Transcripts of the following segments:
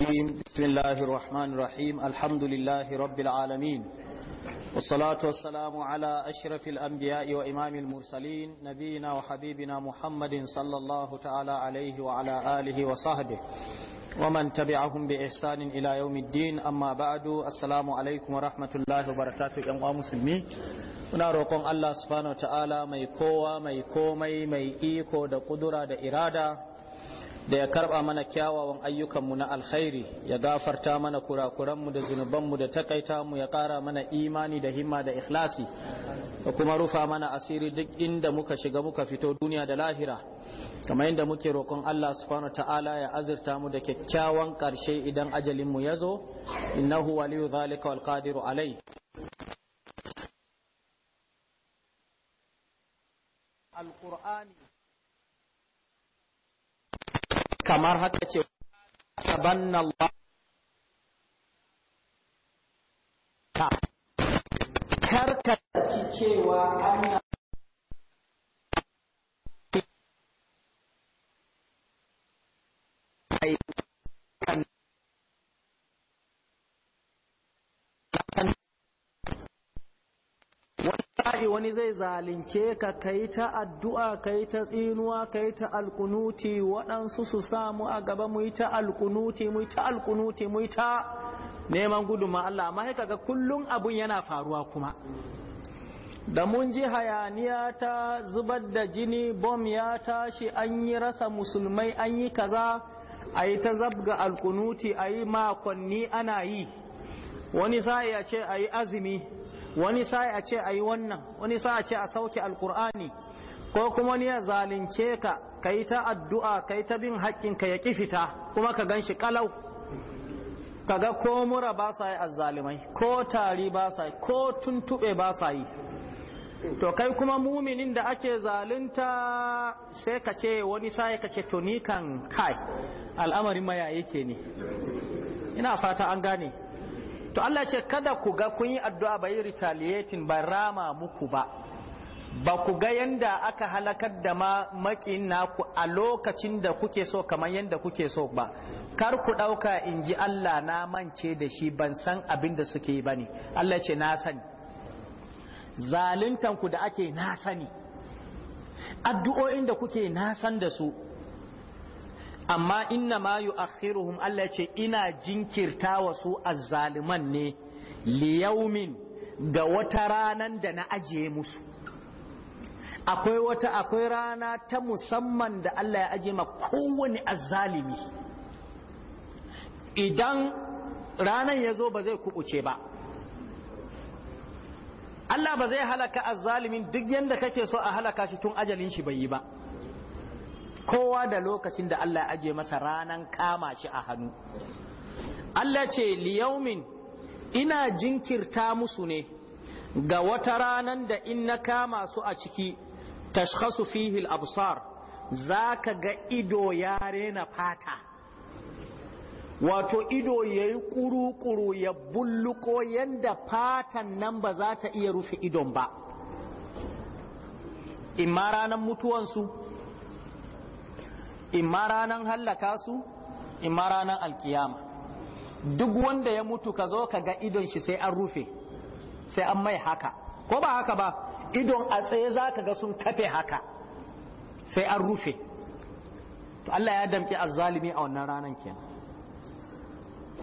بسم الله الرحمن الرحيم الحمد لله رب العالمين والصلاة والسلام على أشرف الأنبياء وإمام المرسلين نبينا وحبيبنا محمد صلى الله تعالى عليه وعلى آله وصحبه ومن تبعهم بإحسان إلى يوم الدين أما بعد السلام عليكم ورحمة الله وبركاته يا مسلمين muna roƙon Allah subhanahu wa ta'ala mai kowa mai komai mai iko da ƙudura da irada da ya karba mana kyawawan ayyukanmu na alkhairi ya gafarta mana kurakuranmu da zunubanmu da takaita mu ya kara mana imani da himma da ikhlasi da kuma rufa mana asiri duk inda muka shiga muka fito duniya da lahira kamar yadda muke roƙon Allah subhanahu ta'ala ya azurta mu da kyakkyawan ƙarshe idan ajalin mu yazo innahu waliyu zalika wal qadiru alai alqur'ani kamar haka ce sabanna ka karkaci cewa wani zai zalince ka kai ta addu'a kai ta tsinuwa kai ta alkunuti waɗansu su samu a gaba mu yi ta alkunuti mu yi ta alkunuti mu yi ta neman gudunma Allah amma ga kullum abun yana faruwa kuma da mun ji hayaniya ta zubar da jini bom ya tashi an yi rasa musulmai an yi kaza a yi ta zabga alkunuti a yi makonni ana yi wani sa'i a ce a yi azumi wani sai a ce ayi wannan wani sai a ce a sauke alqur'ani ko kuma wani ya zalunce ka kai ta addu'a kai ta bin haƙƙin ka ya kifita kuma ka gan ganshi kalau kaga ko mura ba sa yi azzalimai ko tari ba sa yi ko tuntube ba sa yi to kai kuma muminin da ake zalunta sai ka ce wani sai ka ce to ni kan kai al'amarin maya yake ne ina fata an gane to Allah ce kada ku ga kun yi addu'a ba yi retaliating ba rama muku ba ba ku ga yanda aka halakar da ma makin naku a lokacin da kuke so kamar yanda kuke so ba kar ku ɗauka in ji Allah na mance da shi ban san abin da suke yi ba ne Allah ce na sani ku da ake na sani addu'o'in da kuke na san da su amma inna ma yu'akhiruhum Allah ce ina jinkirta wa su azzaliman ne liyaumin ga wata ranan da na ajiye musu akwai wata akwai rana ta musamman da Allah ya ajiye ma kowane azzalimi idan ranan ya zo ba zai kubuce ba Allah ba zai halaka azzalimin duk yadda kake so a halaka shi tun ajalin shi bai yi ba kowa da lokacin da Allah ya aje masa ranan kama shi a hannu Allah ce liyaumin ina jinkirta musu ne ga wata ranan da in na kama su a ciki tashkhasu fihi al-absar zaka ga ido ya rena fata wato ido yayi kuru-kuru ya bulluko yanda fatan nan ba za ta iya rufe idon ba imma ranan mutuwansu In ma ranan hallaka su in ma ranan alkiyama duk wanda ya mutu ka zo ka ga idon shi sai an rufe sai an mai haka ko ba haka ba idon a tsaye za ka ga sun kafe haka sai an rufe to Allah ya damki azzalimi a wannan ranan kenan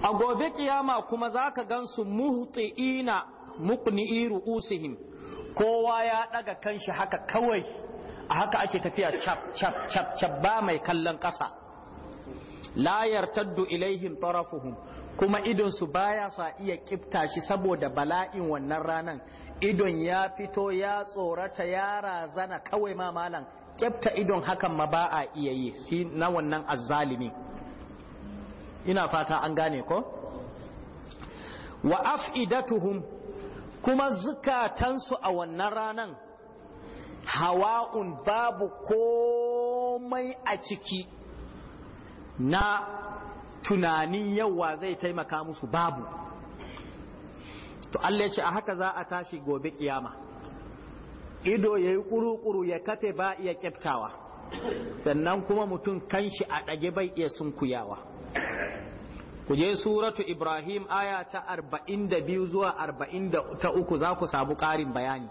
a gobe kiyama kuma za ka gan su muhti'ina muqni'i ru'usihim kowa ya daga kanshi haka kawai a haka ake tafiya cap cap cap chap ba mai kallon ƙasa la yartaddu ilaihim tarafuhum kuma idonsu su baya sa iya kifta shi saboda bala'in wannan ranan idon ya fito ya tsorata ya razana kawai ma malam kifta idon hakan ma ba a iya yi shi na wannan azzalimi ina fata an gane ko wa af'idatuhum kuma zukatansu a wannan ranan hawa'un babu komai a ciki na tunanin yawa zai taimaka musu babu to Allah ya ce a haka za a tashi gobe kiyama ido ya yi kuru ya kafe ba iya kyaftawa sannan kuma mutum kanshi a ɗage bai iya sunkuyawa ku je suratu ibrahim aya ta 42 zuwa 43 za ku samu ƙarin bayani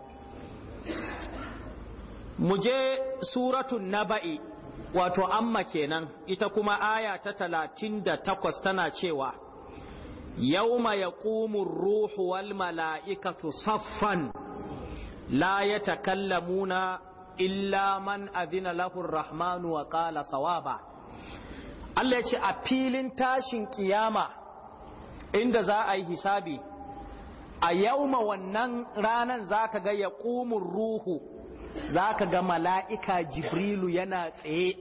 Muje je suratun naba'i wato amma kenan ita kuma aya ta talatin da takwas tana cewa yauma ya ƙumun ruhu wal mala'ikatu saffan la ya takallamuna illa man azina lahur rahmanu wa ƙala sawaba Allah ya ce a filin tashin kiyama inda za a yi hisabi a yauma wannan ranan za ka ga ya ruhu za ka ga mala'ika jibrilu yana tsaye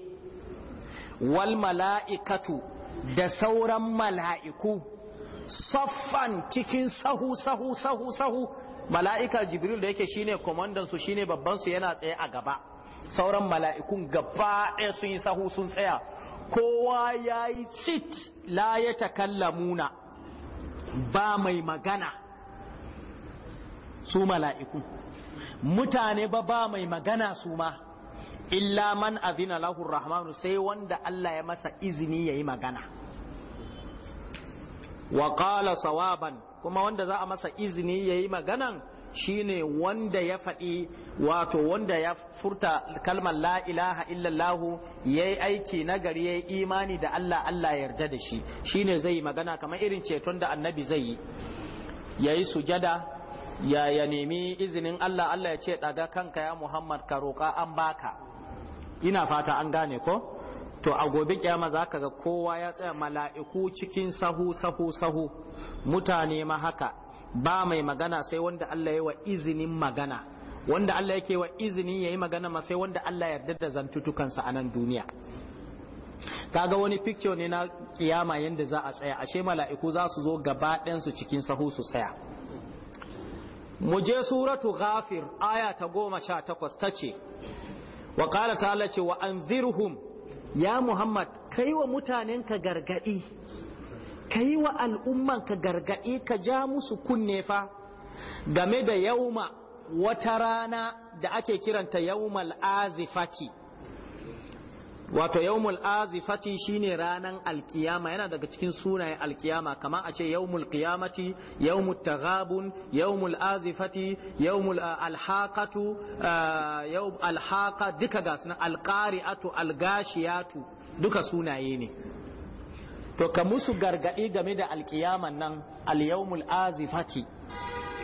wal mala'ikatu da sauran mala'iku saffan cikin sahu sahu sahu sahu mala'ika Jibrilu da yake shine komandansu shine babbansu yana tsaye a gaba sauran mala'ikun gaba ɗaya sun yi sahu sun tsaya kowa ya yi cit la ya takallamuna ba mai magana su mala'ikun mutane ba ba mai magana su ma illa man azina lahu rahman sai wanda Allah ya masa izini yayi magana wa qala sawaban kuma wanda za a masa izini yayi maganan shine wanda ya faɗi wato wanda ya furta kalmar la ilaha illallahu ya yi aiki nagari ya yi imani da Allah Allah yarda da shi shine zai magana kamar irin ceton da annabi zai yi ya yi sujada ya ya nemi izinin Allah Allah ya ce daga kanka ya Muhammad ka roƙa an baka ina fata an gane ko to a gobe kiyama za ka ga kowa ya tsaya mala'iku cikin sahu sahu sahu mutane ma haka ba mai magana sai wanda Allah ya wa izinin magana wanda Allah yake wa izinin yayi magana ma sai wanda Allah ya yarda da zantutukansa a nan duniya kaga wani picture ne na kiyama yanda za a tsaya ashe mala'iku za su zo gaba ɗayan cikin sahu su tsaya Muje suratu ghafir aya ta goma sha takwas ta ce wa ƙala ta ce wa anzirhum ya muhammad kai wa mutanenka gargaɗi kai wa al'ummanka gargaɗi ka ja musu kunne fa game da yauma wata rana da ake kiranta yaumal azifati wato yawmul azifati shine ranan alkiyama yana daga cikin sunayen alkiyama kamar a ce yawmul qiyamati yawmut taghabun yawmul azifati yawmul ah, alhaqatu ah, yawm alhaqa duka ga sunan alqari'atu algashiyatu duka sunaye ne to ka musu gargadi game da alkiyaman nan alyawmul azifati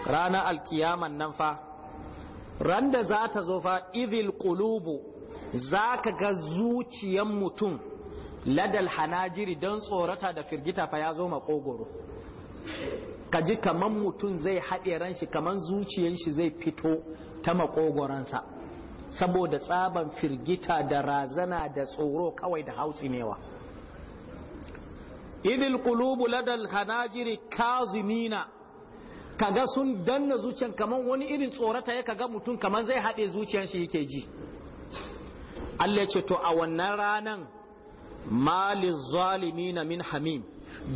ranan alkiyaman nan fa randa za ta zo fa idhil qulubu za ka ga zuciyan mutum ladal hanajiri don tsorata da firgita fa ya zo makogoro ka ji kaman mutum zai haɗe ran shi kaman zuciyan shi zai fito ta makogoransa saboda tsaban firgita da razana da tsoro kawai da hautsinewa idil kulubu ladal hanajiri kazimina kaga sun danna zuciyan kamar wani irin tsorata ya kaga mutum kamar zai haɗe zuciyan shi yake ji Allah ya ce to a wannan ranan malin zalimi na min hamim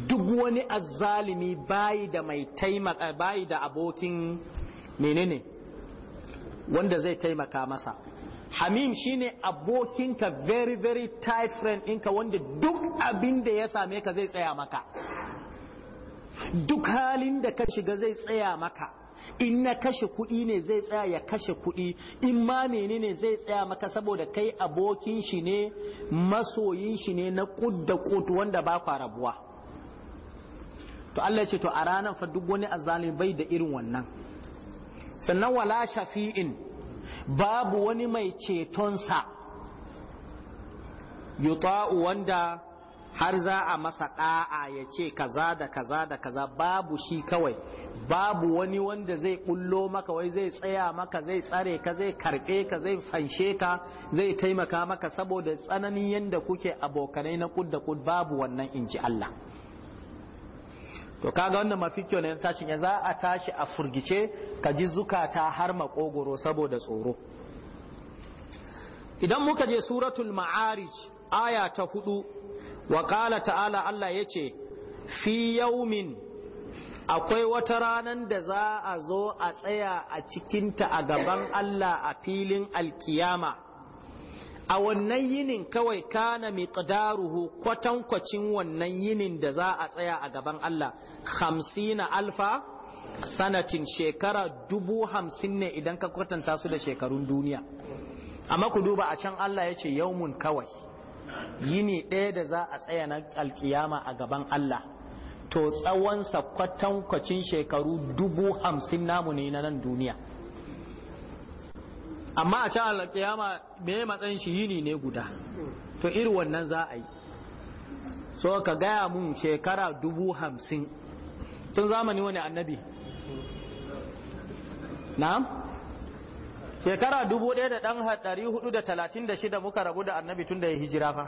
duk wani azzalimi bayi da mai taimaka bayi da abokin menene wanda zai taimaka masa hamim shine abokinka very very tight friend ɗinka wanda duk abin da ya same ka zai tsaya maka duk halin da ka shiga zai tsaya maka in na kashe kuɗi ne zai tsaya ya kashe kuɗi in ma menene zai tsaya maka saboda kai abokin shi ne masoyin shi ne na kudda kutu wanda ba kwa rabuwa to Allah ce to a ranar fa duk wani azalibai bai da irin wannan sannan wala shafi'in babu wani mai cetonsa yuta'u wanda har za a masa ɗa'a ya ce kaza da kaza da kaza babu shi kawai babu wani wanda zai ƙullo maka wai zai tsaya maka zai tsare ka zai karɓe ka zai fanshe ka zai taimaka maka saboda tsananin yadda kuke abokanai na kud da kud babu wannan in ji Allah to kaga wannan mafi kyau ne tashin ya za a tashi a furgice ka ji zukata har makogoro saboda tsoro idan muka je suratul ma'arij aya ta hudu wa ƙala ta'ala Allah ya ce fi akwai wata ranar da za a zo a tsaya a cikinta a gaban Allah a filin alkiyama a wannan yinin kawai kana miqdaruhu kwatankwacin wannan yinin da za a tsaya a gaban Allah hamsina alfa sanatin shekara dubu hamsin ne idan ka kwatanta su da shekarun duniya amma ku duba a can Allah ya ce yaumun kawai yini ɗaya da za a tsaya na alƙiyama a gaban Allah to tsawonsa kwacin shekaru dubu hamsin namu ne na nan duniya amma a can alkiyama me matsayin shi yini ne guda to iri wannan za a yi so ka gaya mun shekara dubu hamsin tun zamani wani annabi na'am shekara dubu ɗaya da ɗan haɗari hudu da talatin da shida muka rabu da annabi tun da ya hijira fa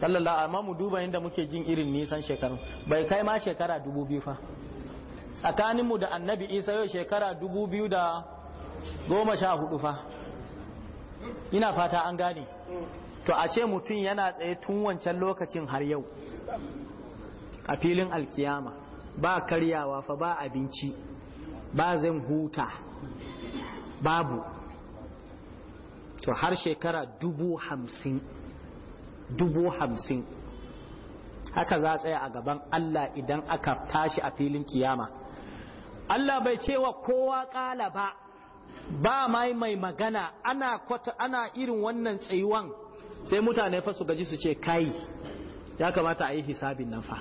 sallallahu amma mu duba inda muke jin irin nisan shekaru bai kai ma shekara dubu biyu fa tsakaninmu da annabi isa yau shekara dubu biyu da goma sha hudu fa ina fata an gane to a ce mutum yana tsaye tun wancan lokacin har yau a filin alkiyama ba karyawa fa ba abinci ba zan huta babu to har shekara dubu hamsin dubu hamsin haka za a tsaya a gaban Allah idan aka tashi a filin kiyama Allah bai cewa kowa kala ba ba mai mai magana ana kwata ana irin wannan tsayuwan sai mutane fa su gaji su ce kai ya kamata a yi hisabin nan fa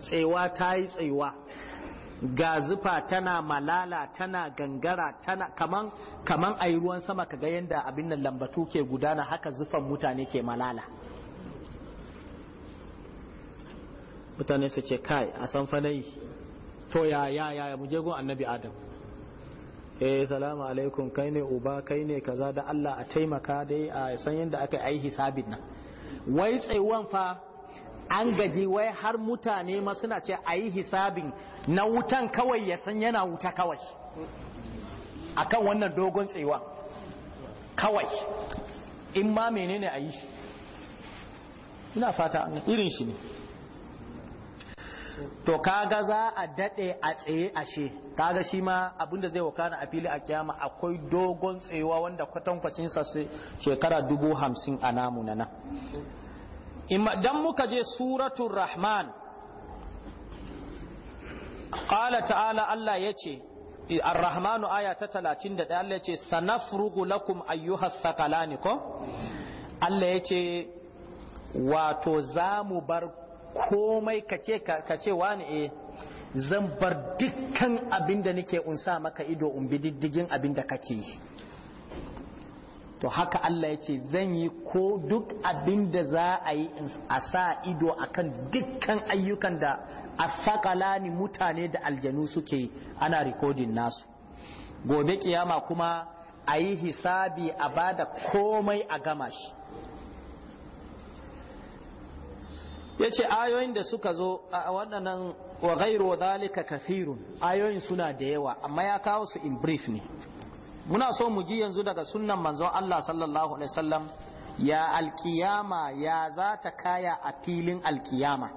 tsayuwa ta yi tsayuwa ga zufa tana malala tana gangara tana kaman kaman yi ruwan sama kaga yanda abin nan lambatu ke gudana haka zufan mutane ke malala mutane su ce kai a san fanai to ya ya ya mu je gun annabi adam eh salamu alaikum kai ne uba kai ne kaza da Allah a taimaka dai a san yadda aka yi hisabin nan wai tsaiwan fa an gaji wai har mutane ma suna ce a yi hisabin na wutan kawai ya san yana wuta kawai akan wannan dogon tsewa kawai in ma menene a yi ina fata irin shi ne to kaga za a dade a tsaye ashe kaga shi ma abinda zai wakana a fili a kyama akwai dogon tsewa wanda kwatankwacin sa shekara dubu hamsin a namu na nan dan muka je suratul rahman qala ta'ala Allah ce al rahmanu aya ta 31 Allah ya yace sanafrugu lakum ayyuhas saqalani ko Allah ya ce wato zamu bar komai kace kace wani eh zan bar dukkan abinda nake unsa maka ido in bi diddigin abinda kake yi to haka Allah ya ce zan yi ko duk abin da za a yi a sa ido a kan dukkan ayyukan da a ni mutane da aljanu suke ana rikodin nasu gobe kiyama kuma a yi hisabi a bada komai a gama shi ya ce ayoyin da suka zo a waɗannan wa gairo zalika kafirun ayoyin suna da yawa amma ya kawo su in brief ne muna so mu ji yanzu daga sunnan manzon Allah sallallahu alaihi wasallam ya alkiyama ya za ta kaya a filin alkiyama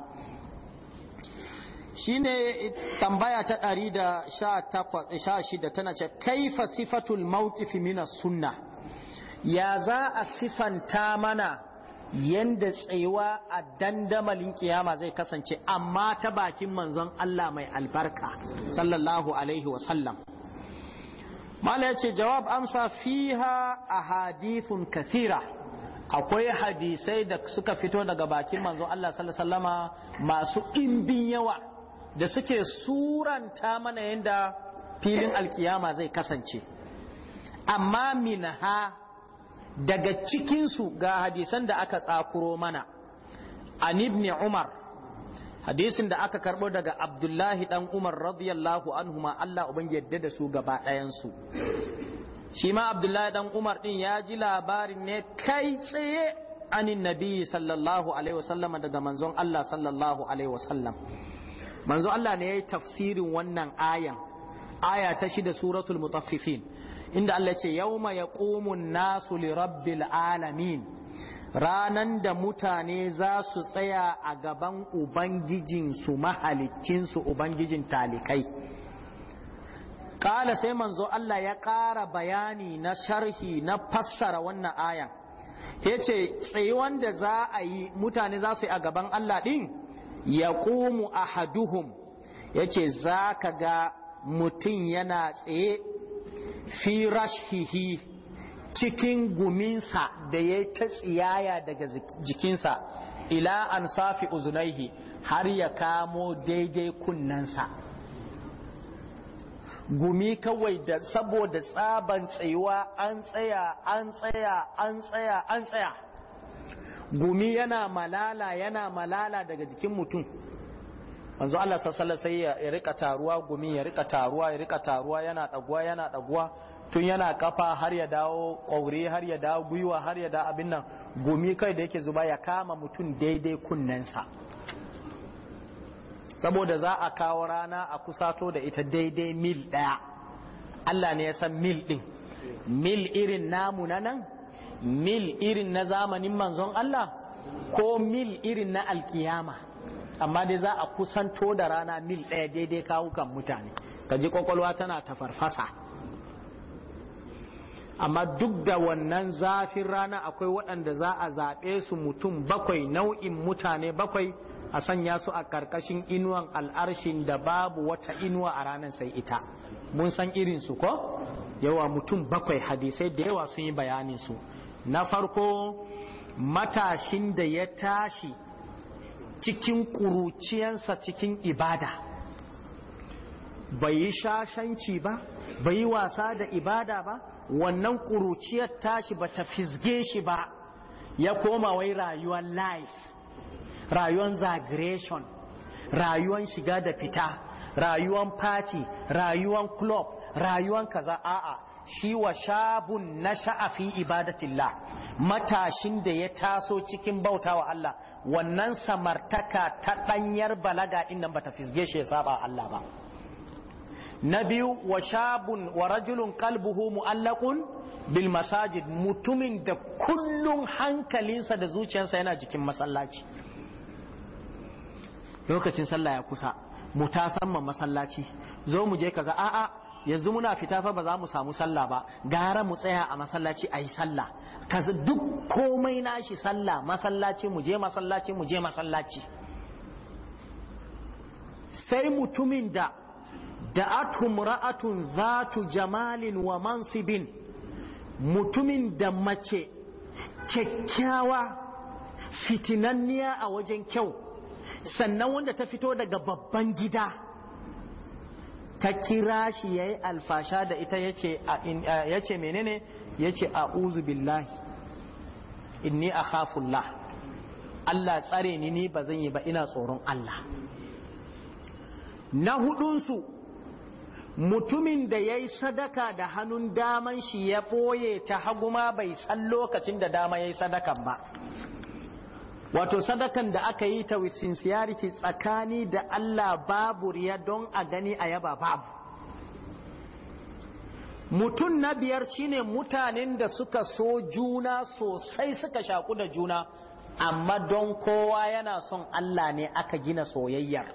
shine tambaya ta ɗari da sha shida tana ce kaifa sifatul mawqifi mina sunna ya za a sifanta mana yanda tsayuwa a dandamalin kiyama zai kasance amma ta bakin manzon Allah mai albarka sallallahu alaihi wasallam mala ya ce jawab amsa fiha a hadithun kathira akwai hadisai da suka fito daga bakin manzo Allah sallama masu ɗimbin yawa da suke suranta mana yadda filin alkiyama zai kasance amma minha daga cikinsu ga hadisan da aka tsakuro mana an ibn umar hadisin da aka karɓo daga abdullahi dan umar radiyallahu anhuma Allah uban yadda da su gaba ɗayansu shi ma abdullahi dan umar ɗin ya ji labarin ne kai tsaye anin nabi sallallahu alaihi wasallama daga manzon Allah sallallahu alaihi wasallam manzon Allah ne ya yi tafsirin wannan ayan aya ta shida suratul mutaffifin inda Allah ce yauma yaqumun nasu li rabbil alamin ranan da mutane za su tsaya a gaban ubangijinsu mahalicinsu ubangijin talikai ƙala sai manzo Allah ya ƙara bayani na sharhi na fassara wannan ayan ya ce tsayuwan da za a yi mutane za su yi a gaban Allah ɗin ya ƙumu a haduhum ya za ka ga mutum yana tsaye fi rashihi cikin guminsa da ya ta tsiyaya daga jikinsa ila an safi uzunaihi har ya kamo daidai kunnensa gumi kawai da saboda tsaban tsayuwa an tsaya an tsaya an tsaya an tsaya gumi yana malala yana malala daga jikin mutum Wanzu Allah sallallahu sai ya rika taruwa gumi ya rika taruwa ya rika taruwa yana daguwa yana daguwa tun yana kafa har ya dawo ƙaure har ya dawo gwiwa har ya dawo abin nan gumi kai da yake zuba ya kama mutum daidai kunnensa saboda za a kawo rana a kusato da ita daidai mil daya. Allah ne ya san mil din, mil irin namu na nan mil irin na zamanin manzon Allah ko mil irin na alkiyama amma dai za a kusanto da rana mil daya daidai kawukan mutane ka ji kwakwalwa tana tafarfasa amma duk da wannan zafin rana akwai waɗanda za a zaɓe su mutum bakwai nau'in mutane bakwai a sanya su a ƙarƙashin inuwan al'arshin da babu wata inuwa a ranar sai ita mun san irin su ko yawa mutum bakwai hadisai da yawa sun yi bayanin su na farko matashin da ya tashi cikin ƙuruciyansa cikin ibada bai yi shashanci ba bai yi wasa da ibada ba wannan ƙuruciyar tashi ba ta fisge shi ba ya koma wai rayuwar life rayuwar zagration rayuwar shiga da fita rayuwar party rayuwar club rayuwar kaza a'a shi wa shabun na sha'afi ibadatillah matashin da ya taso cikin bauta wa Allah wannan samartaka ta ɗanyar balaga inda ba ta fisge shi ya saba Allah ba na biyu wa shabun wa rajulun kalbuhu mu'allakun bil masajid mutumin da kullun hankalinsa da zuciyarsa yana jikin masallaci lokacin sallah ya kusa mu samman masallaci zo mu je kaza a'a yanzu muna fita fa ba za mu samu sallah ba gara mu tsaya a masallaci a yi sallah kaza duk komai nashi sallah masallaci mu je masallaci mu je masallaci sai mutumin da da'atum ra'atun zatu jamalin wa mansibin mutumin da mace kyakkyawa fitinanniya a wajen kyau sannan wanda ta fito daga babban gida ta kira shi ya yi alfasha da ita ya ce menene ya ce a billahi inni a khafullah Allah tsare ni ni ba zan yi ba ina tsoron Allah na hudunsu mutumin da ya yi sadaka da hannun daman shi ya ɓoye ta haguma bai san lokacin da dama ya yi sadakan ba wato sadakan da aka yi ta with sincerity tsakani da Allah babu riya don a gani a yaba babu mutum na biyar shine mutanen da suka so juna sosai suka shaku da juna amma don kowa yana son Allah ne aka gina soyayyar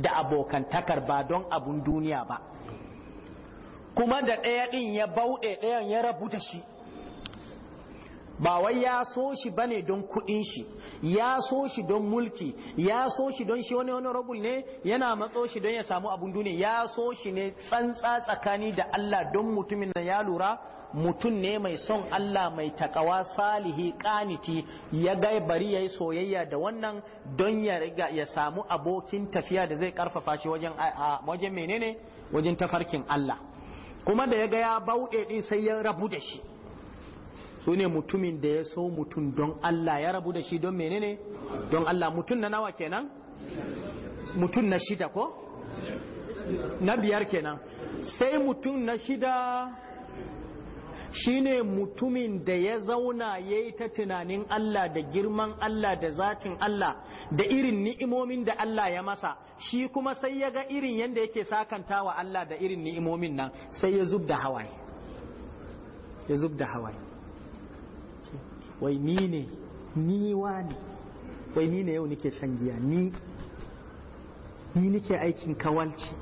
da abokantakar ba don abun duniya ba kuma da ɗaya ɗin ya bauɗe ɗayan ya rabu da shi ba wai ya so shi ba ne don kuɗin shi ya so shi don mulki ya so shi don shi wani rabu ne yana matso shi don ya samu abin duniya ya so shi ne tsantsa tsakani da Allah don mutumin na ya lura mutum ne mai son Allah mai takawa salihi kaniti ya gai bari ya yi soyayya da wannan don ya riga ya samu abokin tafiya da zai karfafa shi wajen wajen menene wajen tafarkin Allah kuma da ya ga ya bauɗe ɗin sai ya rabu da shi su ne mutumin da ya so mutum don Allah ya rabu da shi don menene don Allah mutum na nawa kenan mutum na shida ko na biyar kenan sai mutum na shida shine mutumin da ya zauna ya yi ta tunanin Allah da girman Allah da zatin Allah da irin ni'imomin da Allah ya masa shi kuma sai ya ga irin yadda yake sakanta wa Allah da irin ni'imomin nan sai ya zub da hawaye ya zub da hawaye wai ni ne ni wa ne wai ni ne yau nike shan giya ni ni nike aikin kawalci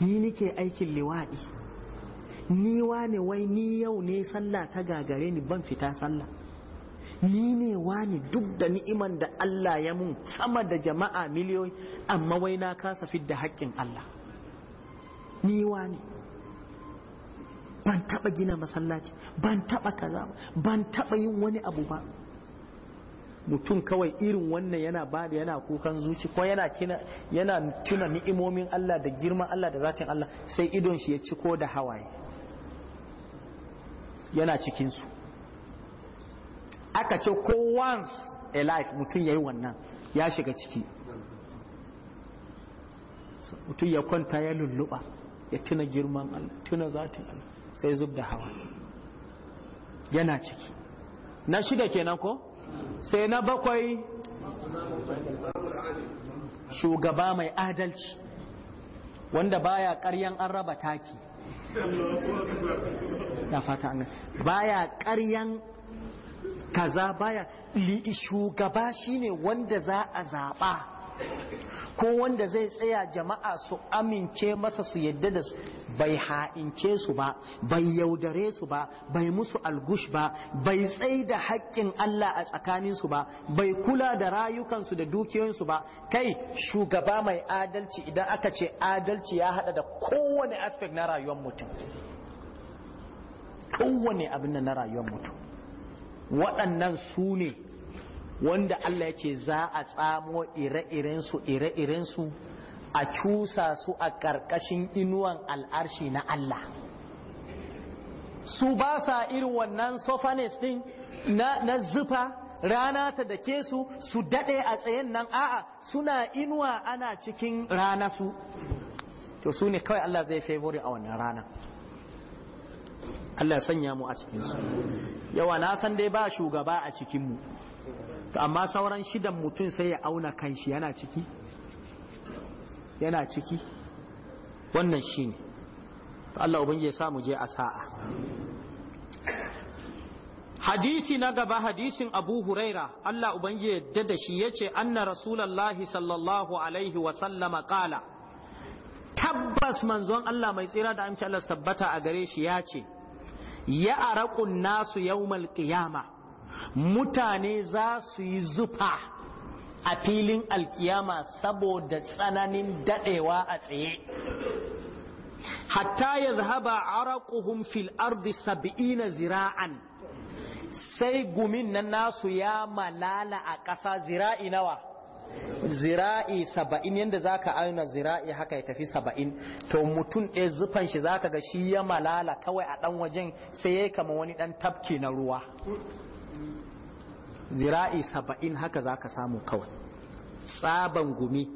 ni nike aikin liwaɗi ni wane wai ni yau ne sallah ta gagare ni ban fita sallah ni ne wani duk da ni'iman da Allah ya mun sama da jama'a miliyoyi amma wai na kasa fidda haƙƙin Allah ni wani ban taɓa gina masallaci ban taɓa kaza ban taɓa yin wani abu ba mutum kawai irin wannan yana ba da yana kukan zuci ko yana kina yana tuna ni'imomin Allah da girman Allah da zatin Allah sai idon shi ya ci ko da hawaye yana cikinsu aka ce ko once a life mutum ya yi wannan ya shiga ciki mutum ya kwanta ya lulluɓa ya tuna girman Allah tuna zatin Allah sai zub da hawa yana ciki na shida kenan ko sai na bakwai shugaba mai adalci wanda baya karyan an raba taki ya fata an baya ƙaryan kaza baya shugaba shine wanda za a zaɓa ko wanda zai tsaya jama'a su amince masa su yadda da su bai ha'ince su ba bai yaudare su ba bai musu algush ba bai tsai da haƙƙin Allah a tsakanin su ba bai kula da rayukansu da dukiyoyinsu ba kai shugaba mai adalci idan aka ce adalci ya hada da kowane aspect na rayuwar mutum kowane abin na rayuwar mutum waɗannan su ne wanda Allah ce za a tsamo ire-irensu ire-irensu a cusa su a ƙarƙashin inuwan al'arshi na Allah su ba sa irin wannan sofanes din na, na zufa rana ta da ke su su daɗe a tsayen nan a'a suna inuwa ana cikin rana su to su ne kawai Allah zai favori a wannan rana Allah sanya mu a cikinsu yawa na san dai ba shugaba a cikinmu to amma sauran shidan mutum sai ya auna kanshi yana ciki yana ciki wannan shi ne to Allah ubangi ya samu je a sa'a hadisi na gaba hadisin abu huraira Allah ubangi ya dada shi yace anna rasulullahi sallallahu alaihi wa sallama tabbas manzon Allah mai tsira da amince Allah tabbata a gare shi ya ce, ya araqun nasu yawmal qiyamah mutane za su yi zufa a filin alkiyama saboda tsananin daɗewa a tsaye hatta ya zahaba arakuhun fil ardi sab'ina zira'an sai gumin na nasu ya malala a ƙasa zira'i nawa zira'i saba'in yadda za ka aina zira'i haka ya tafi saba'in to mutum ɗaya zufan shi za ka ga shi ya malala kawai a ɗan wajen sai ya yi kama wani ɗan tafki na ruwa zira'i saba'in haka za ka samu kawai tsaban gumi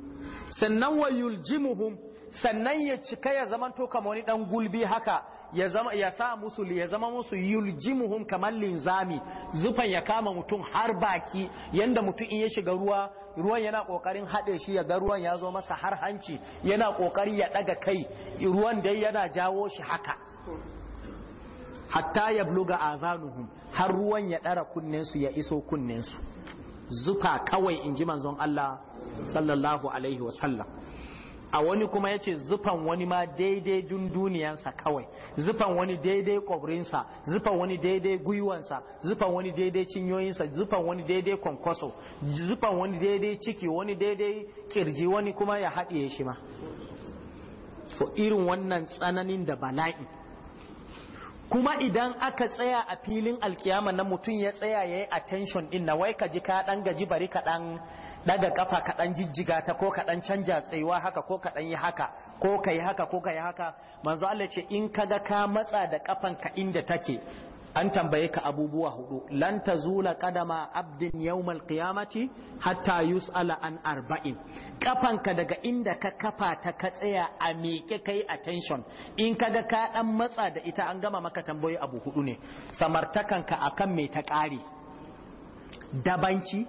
sannan wa yuljimuhum sannan ya cika ya zama to kama wani dan gulbi haka ya zama ya sa musu ya zama musu yuljimuhum kamar linzami zufan ya kama mutum har baki yanda mutum in ya shiga ruwa ruwan yana kokarin haɗe shi ya ga ruwan ya zo masa har hanci yana kokari ya ɗaga kai ruwan dai yana jawo shi haka hatta ya bluga azanuhum har ruwan ya ɗara kunnensu ya iso kunnensu zufa kawai in ji manzon Allah sallallahu alaihi wasallam a wani kuma ya ce zufan wani ma daidai duniyansa kawai zufan wani daidai kwabrinsa zufan wani daidai gwiwansa zufan wani daidai cinyoyinsa zufan wani daidai kwankwaso zufan wani daidai ciki wani daidai kirji wani kuma ya haɗiye shi ma so irin wannan tsananin da bala'i kuma idan aka tsaya a filin alkiyama na mutum ya tsaya ya yi attention din na wai ka ji ka dan gaji bari ka dan daga kafa ka dan jijjiga ta ko ka dan canja tsayuwa haka ko ka dan yi haka ko ka yi haka ko ka yi haka manzo Allah ce in kaga ka matsa da kafan ka inda take an tambaye ka abubuwa hudu lan tazula qadama abdin yawmal qiyamati hatta yus'ala an arba'in kafanka daga inda ka kafa ta ka tsaya a miƙe kai attention in kaga ka dan matsa da ita an gama maka tambaye abu hudu ne Samartakan ka akan me ta kare? dabanci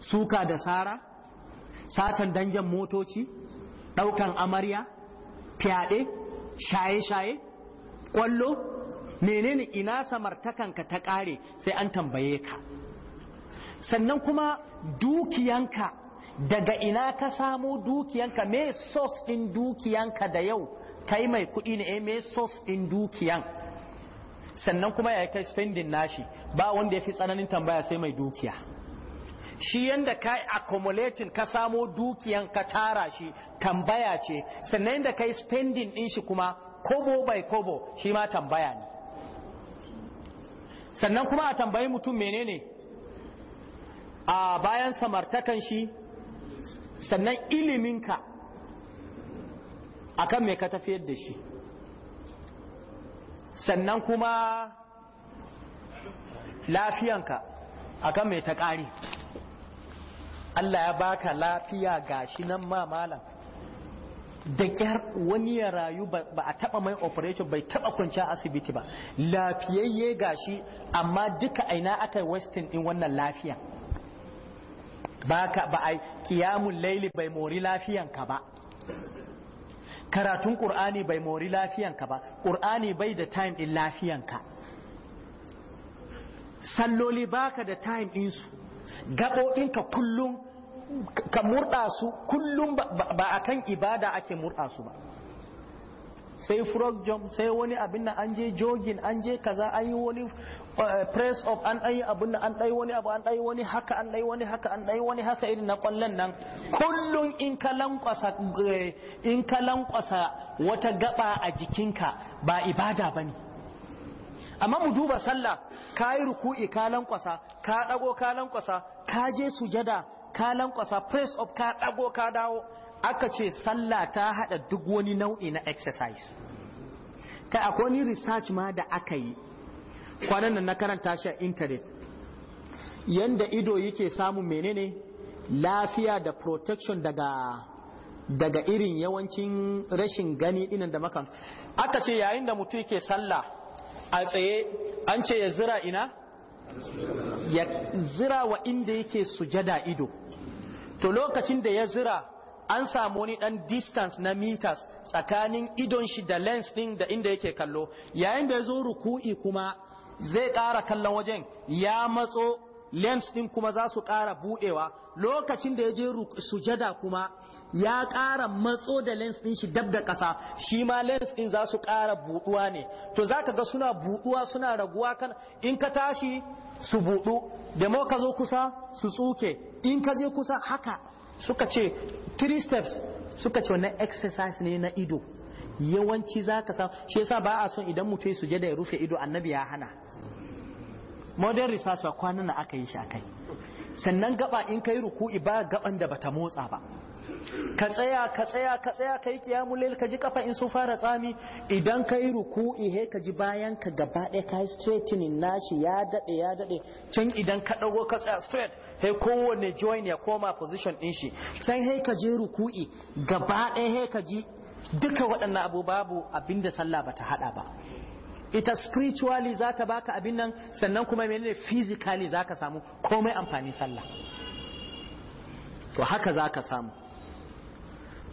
suka da sara satan danjan motoci daukan amarya fyaɗe shaye-shaye kwallo menene ina samartakanka ta kare sai an tambaye ka sannan kuma dukiyanka daga ina ka samo dukiyanka me source din dukiyanka da yau kai mai kudi ne eh, me source din dukiyan sannan kuma ya kai spending nashi ba wanda ya fi tsananin tambaya sai mai dukiya shi yanda ka accumulating ka samo dukiyan ka tara shi tambaya ce sannan yanda ka spending din shi kuma kobo bai kobo shi ma tambaya ne sannan kuma a tambayi mutum menene a bayan samartakan shi sannan iliminka akan me ka tafiyar da shi sannan kuma lafiyanka akan me ta ƙari Allah ya baka lafiya ga shi nan ma malam da kyar wani ya rayu ba a taba mai operation bai taba kwanciya asibiti ba lafiyayye gashi amma duka aina aka western din wannan lafiya baka ba a kiyamun laili bai mori lafiyan ka ba karatun qur'ani bai mori lafiyan ka ba qur'ani bai da time din ka salloli baka da time din su ka kullum ka murɗa su kullum ba a kan ibada ake murɗa su ba sai frog jump sai wani abin na an je jogin an je kaza an yi wani eh, press up an ɗai abin na an ɗai wani abu an ɗai wani haka an ɗai wani haka an ɗai wani haka irin na ƙwallon nan kullum in ka lankwasa eh, in ka lankwasa wata gaba a jikinka ba ibada ba ne. amma mu duba sallah ka yi ruku'i ka lankwasa ka ɗago ka lankwasa ka je sujada ka lankwasa press of ka dago ka dawo aka ce sallah ta hada duk wani nau'i na exercise kai akwai ni research ma da aka yi kwanan nan na karanta shi a internet yanda ido yake samu menene lafiya da protection daga daga irin yawancin rashin gani dinan da makam aka ce yayin da mutum yake sallah a tsaye an ce ya zira ina ya zira wa inda yake sujada ido to lokacin da ya zira an samu wani dan distance na meters tsakanin idon shi da lens din da inda yake kallo yayin da ya zo ruku'i kuma zai kara kallon wajen ya matso lens din kuma za su ƙara buɗewa lokacin da ya je sujada kuma ya kara matso da lens din shi dab da ƙasa shi ma lens din za su ƙara buɗuwa ne to za ka ga suna buɗuwa suna raguwa kan in ka tashi su buɗu da ka zo kusa su tsuke in ka je kusa haka suka ce three steps suka ce wannan exercise ne na ido yawanci za ka samu shi yasa ba a son idan mutum su je da ya rufe ido annabi ya hana modern research kwanan na aka yi shi akai sannan gaba in kai ruku'i ba gaban da bata motsa ba ka tsaya ka tsaya ka tsaya ka yi kiyamun lail ka ji kafa in sun fara tsami idan ka yi ruku'i he ka ji bayan ka gaba ɗaya ka yi straightening nashi ya daɗe ya daɗe can idan ka ɗago ka tsaya straight he kowane join ya koma position ɗin shi can he ka je ruku'i gaba ɗaya he ka ji duka waɗannan abu babu abinda sallah bata haɗa ba ita spiritually za ta baka abin nan sannan kuma menene physically za ka samu komai amfani sallah to haka za ka samu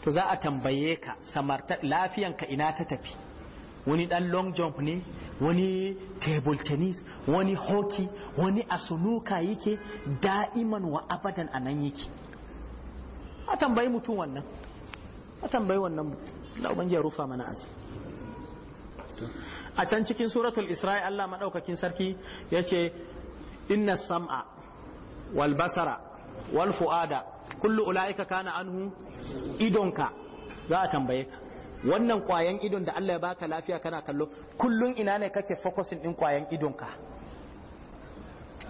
to za a tambaye ka samarta lafiyanka ina ta tafi wani dan long jump ne wani table tennis wani hockey wani asunuka yake da'iman wa abadan a nan yake a tambayi mutum wannan a tambayi wannan mutum ya rufa mana azi a can cikin suratul isra'i Allah Maɗaukakin sarki yace inna sam'a wal basara wal fu'ada kullu ula'ika kana anhu idonka za a tambaye ka wannan kwayan idon da Allah ya baka lafiya kana kallo kullun ina ne kake focusing din kwayan idonka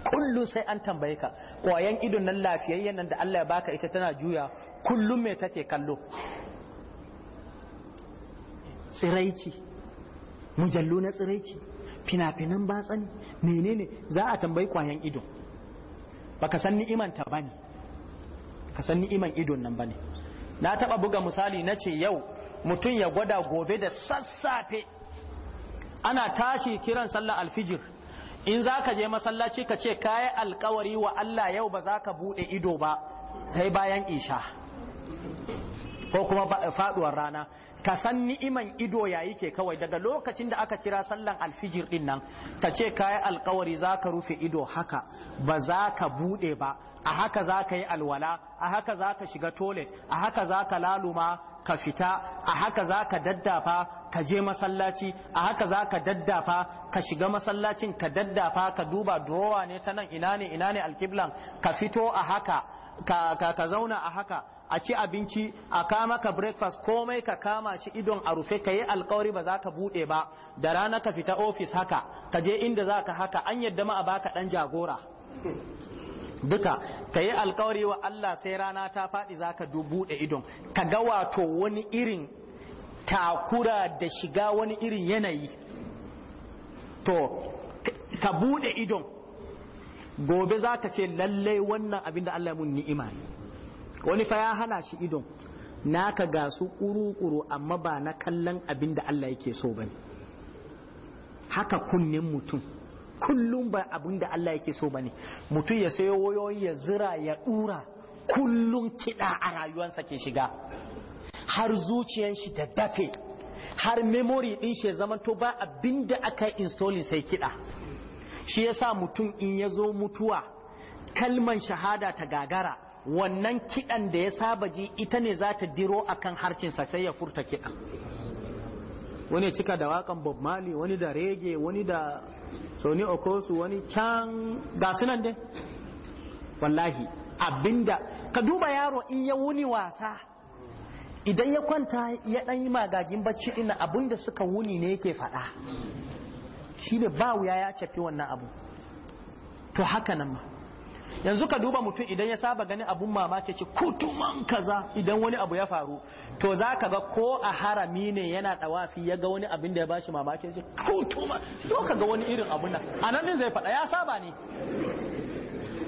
kullun sai an tambaye ka kwayan idon nan lafiyayyen nan da Allah ya baka ita tana juya kullun me take kallo tsiraici mujallu na tsiraici fina-finan batsani menene za a tambayi kwayan ido baka san ni'imanta bane ka san ni'iman idon nan bane na taba buga misali na ce yau mutum ya gwada gobe da sassafe ana tashi kiran sallar alfijir in za ka je masallaci ka ce kayi alkawari wa Allah yau ba za ka buɗe ido ba sai bayan isha ko kuma faɗuwar rana ka san ni'iman ido ya yake kawai daga lokacin da aka kira sallan alfijir din nan ka ce kayi alkawari za ka rufe ido haka ba za ka buɗe ba a haka za ka yi alwala a haka za ka shiga toilet a haka za ka laluma ka fita a haka za ka daddafa ka je masallaci a haka za ka daddafa ka shiga masallacin ka daddafa ka duba drowa ne ta nan ina ne ina ne alkiblan ka fito a haka ka, ka, zauna a haka a ci abinci a kama ka breakfast komai ka kama shi idon a rufe ka yi alkawari ba za ka buɗe ba da rana ka fita ofis haka ka je inda za ka haka an yadda ma a baka ɗan jagora duka ka yi alkawari wa Allah sai rana ta faɗi za ka buɗe idon ka ga wato wani irin takura da shiga wani irin yanayi to ka buɗe idon gobe za ka ce lallai wannan abin da Allah mun ni'ima ne wani fa ya hana shi idon naka ga su kuru-kuru amma ba na kallon abin da Allah yake so ba haka kunnen mutum kullum ba abin da Allah yake so bane mutum ya sayo wayoyi ya zira ya dura kullum kiɗa a rayuwarsa ke shiga har zuciyar shi da dafe har memory din shi ya to ba abin da aka installing sai kiɗa shi yasa mutum in ya zo mutuwa kalman shahada ta gagara wannan kiɗan da ya saba ji ita ne za ta diro akan harcinsa sai ya furta kiɗan wani cika da wakan bob mali wani da rege wani da soni okosu wani can ga sunan dai wallahi abinda ka duba yaro in ya wuni wasa idan ya kwanta ya dan yi magagin bacci ina abinda suka wuni ne yake faɗa shi ne ba wuya ya cafi wannan abu to haka nan ma yanzu ka duba mutum idan ya saba ganin abun mamaki ce kutuman kaza idan wani abu ya faru to za ka ga ko a harami ne yana dawafi ya ga wani abin da ya bashi mamaki ce kutuma to ka ga wani irin abun nan anan din zai faɗa ya saba ne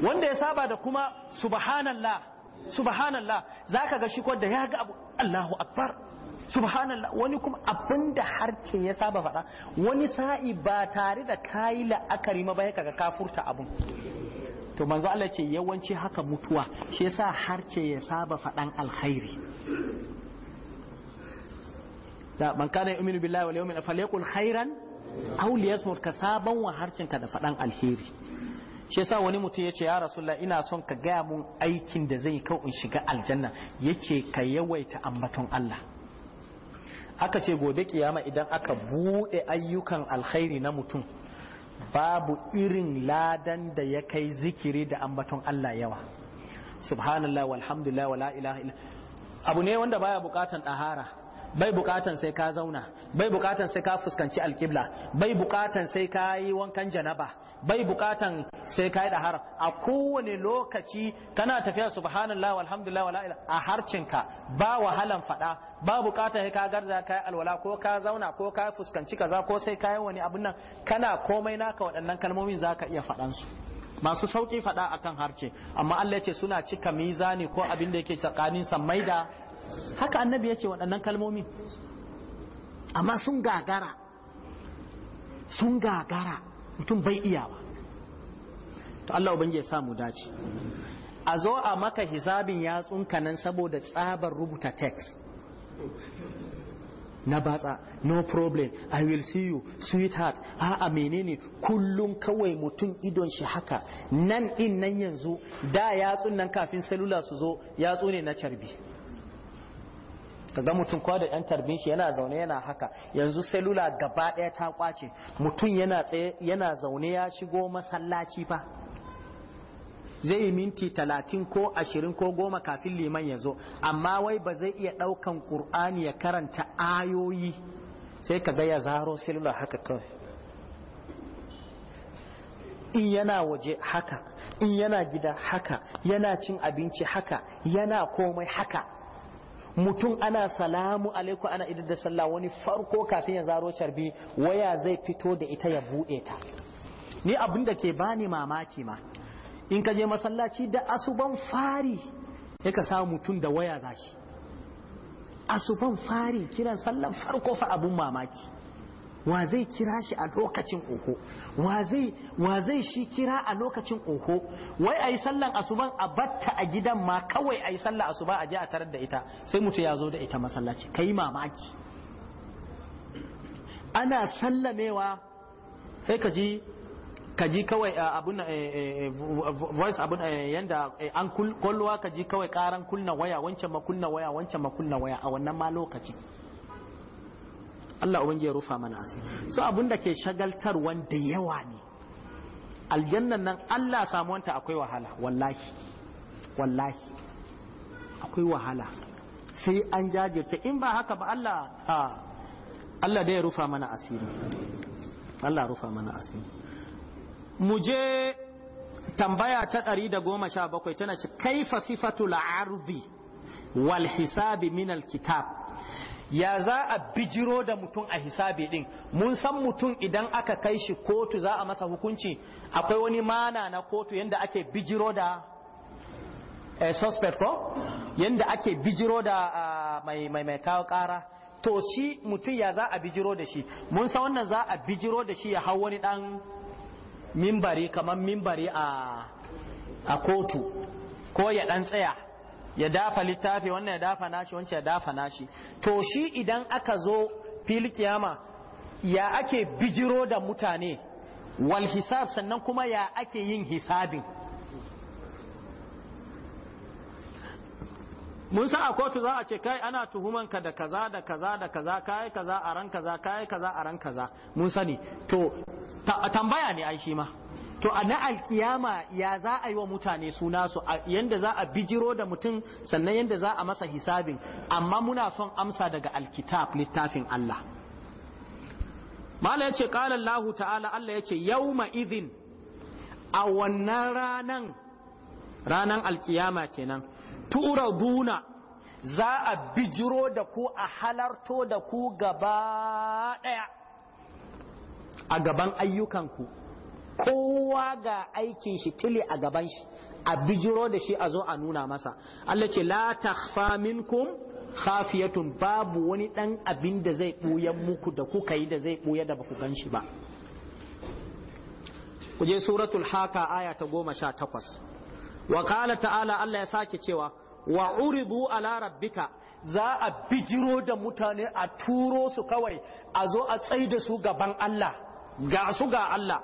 wanda ya saba da kuma subhanallah subhanallah za ka ga shi da ya ga abu Allahu akbar subhanallah wani kuma har harce ya saba faɗa wani sa'i ba tare da kayi la'akari ma ba ya kaga kafurta abun to manzo Allah ce yawanci haka mutuwa shi yasa harce ya saba faɗan alkhairi da man kana yu'minu billahi wal yawmil yaqul khairan aw liyasmut ka saban wa harcin ka da faɗan alheri shi yasa wani mutum yace ya rasulullah ina son ka gaya mun aikin da zai kau in shiga aljanna yace ka yawaita ambaton Allah aka ce gobe kiyama idan aka bude ayyukan alkhairi na mutum babu irin ladan da ya kai zikiri da ambaton Allah yawa subhanallah walhamdulillah wala ilaha illa abu ne wanda baya bukatan ɗahara bai bukatan sai ka zauna bai bukatan sai ka fuskanci alkibla bai bukatan sai ka yi wankan janaba bai bukatan sai ka yi dahar a kowane lokaci kana tafiya subhanallah walhamdulillah wala ila a harcinka ba wahalan fada ba bukatan sai ka garza ka yi alwala ko ka zauna ko ka fuskanci kaza ko sai ka yi wani abun nan kana komai naka waɗannan kalmomin zaka iya faɗan su masu sauƙi faɗa akan harce amma Allah ya ce suna cika mizani ko abin da yake tsakanin san maida. haka annabi yake waɗannan kalmomi amma sun gagara sun gagara mutum bai iya ba to Allah ubangiji ya samu dace a zo a maka hisabin yatsunka nan saboda tsabar rubuta text na batsa no problem i will see you sweetheart a'a menene kullum kawai mutum idon shi haka nan din nan yanzu da yatsun nan kafin salula su zo yatsu ne na carbi Ka ga mutum kwa da yan tarbin yana zaune yana haka yanzu selula gaba ɗaya ta kwace mutum yana tsaye yana zaune ya shigo masallaci fa zai yi minti talatin ko ashirin ko goma kafin liman ya zo amma wai ba zai iya ɗaukan ƙur'ani ya karanta ayoyi sai kaga ya zaro selula haka kawai in yana waje haka in yana gida haka yana cin abinci haka yana komai haka mutum ana salamu alaikum ana idar da sallah wani farko kafin ya zaro carbi waya zai fito da ita ya buɗe ta ni abin da ke bani mamaki ma in ka je masallaci da asuban fari ya ka samu mutum da waya zaki asuban fari kiran sallan farko fa abin mamaki wa zai kira shi a lokacin oho wa zai shi kira a lokacin oho wai a yi sallan asuban a batta a gidan ma kawai a yi sallan asuba a je a tarar da ita sai mutum ya zo da ita masallaci kai mamaki ana sallamewa sai ka ji kaji kawai eh, abun eh, eh, voice abun yanda an kulluwa kaji kawai karan kunna waya wancan ma kunna waya wancan ma kunna waya a wannan ma lokaci Allah ubangiji ya rufa mana asiri so abun da ke shagaltar wanda yawa ne aljannan nan Allah samuwanta akwai wahala wallahi wallahi akwai wahala sai an jajirce in ba haka ba Allah a Allah da ya rufa mana asiri Allah rufa mana asiri mu je tambaya ta ɗari da goma sha bakwai tana ce kaifa sifatul ardi wal hisabi min al kitab ya za a bijiro da mutum a hisabi din mun san mutum idan aka kai shi kotu za a masa hukunci akwai wani mana na kotu yadda ake bijiro da eh, suspect ko Yadda ake bijiro da ah, mai mai kawo kara to shi mutum ya za a bijiro da shi mun san wannan za a bijiro da shi ya hau wani dan mimbari kamar mimbari a a kotu ko ya dan tsaya ya dafa littafi wannan ya dafa nashi wancan ya dafa nashi to shi idan aka zo fil kiyama ya ake bijiro da mutane wal hisab sannan kuma ya ake yin hisabin mun san a kotu za a ce kai ana tuhuman ka da kaza da kaza da kaza kai kaza a ran kaza kai kaza a ran kaza mun sani to tambaya ne ai shi ma to a na alkiyama ya za a yi wa mutane suna su yanda za a bijiro da mutum sannan yanda za a masa hisabin amma muna son amsa daga alkitab littafin Allah mala yace qala Allah ta'ala Allah yace yawma idhin a wannan ranan ranan alkiyama kenan Tura duna za a bijiro da ku a halarto da ku gaba daya a gaban ayyukanku kowa ga aikin shi tili a gaban shi a bijiro da shi a zo a nuna masa Allah ce la takhfa minkum khafiyatun babu wani dan abin da zai buya muku da kuka yi da zai buya da baku gan shi ba kuje suratul haka aya ta goma sha takwas wa ta'ala Allah ya sake cewa wa uridu ala rabbika za a bijiro da mutane a turo su kawai a zo a da su gaban Allah ga su ga Allah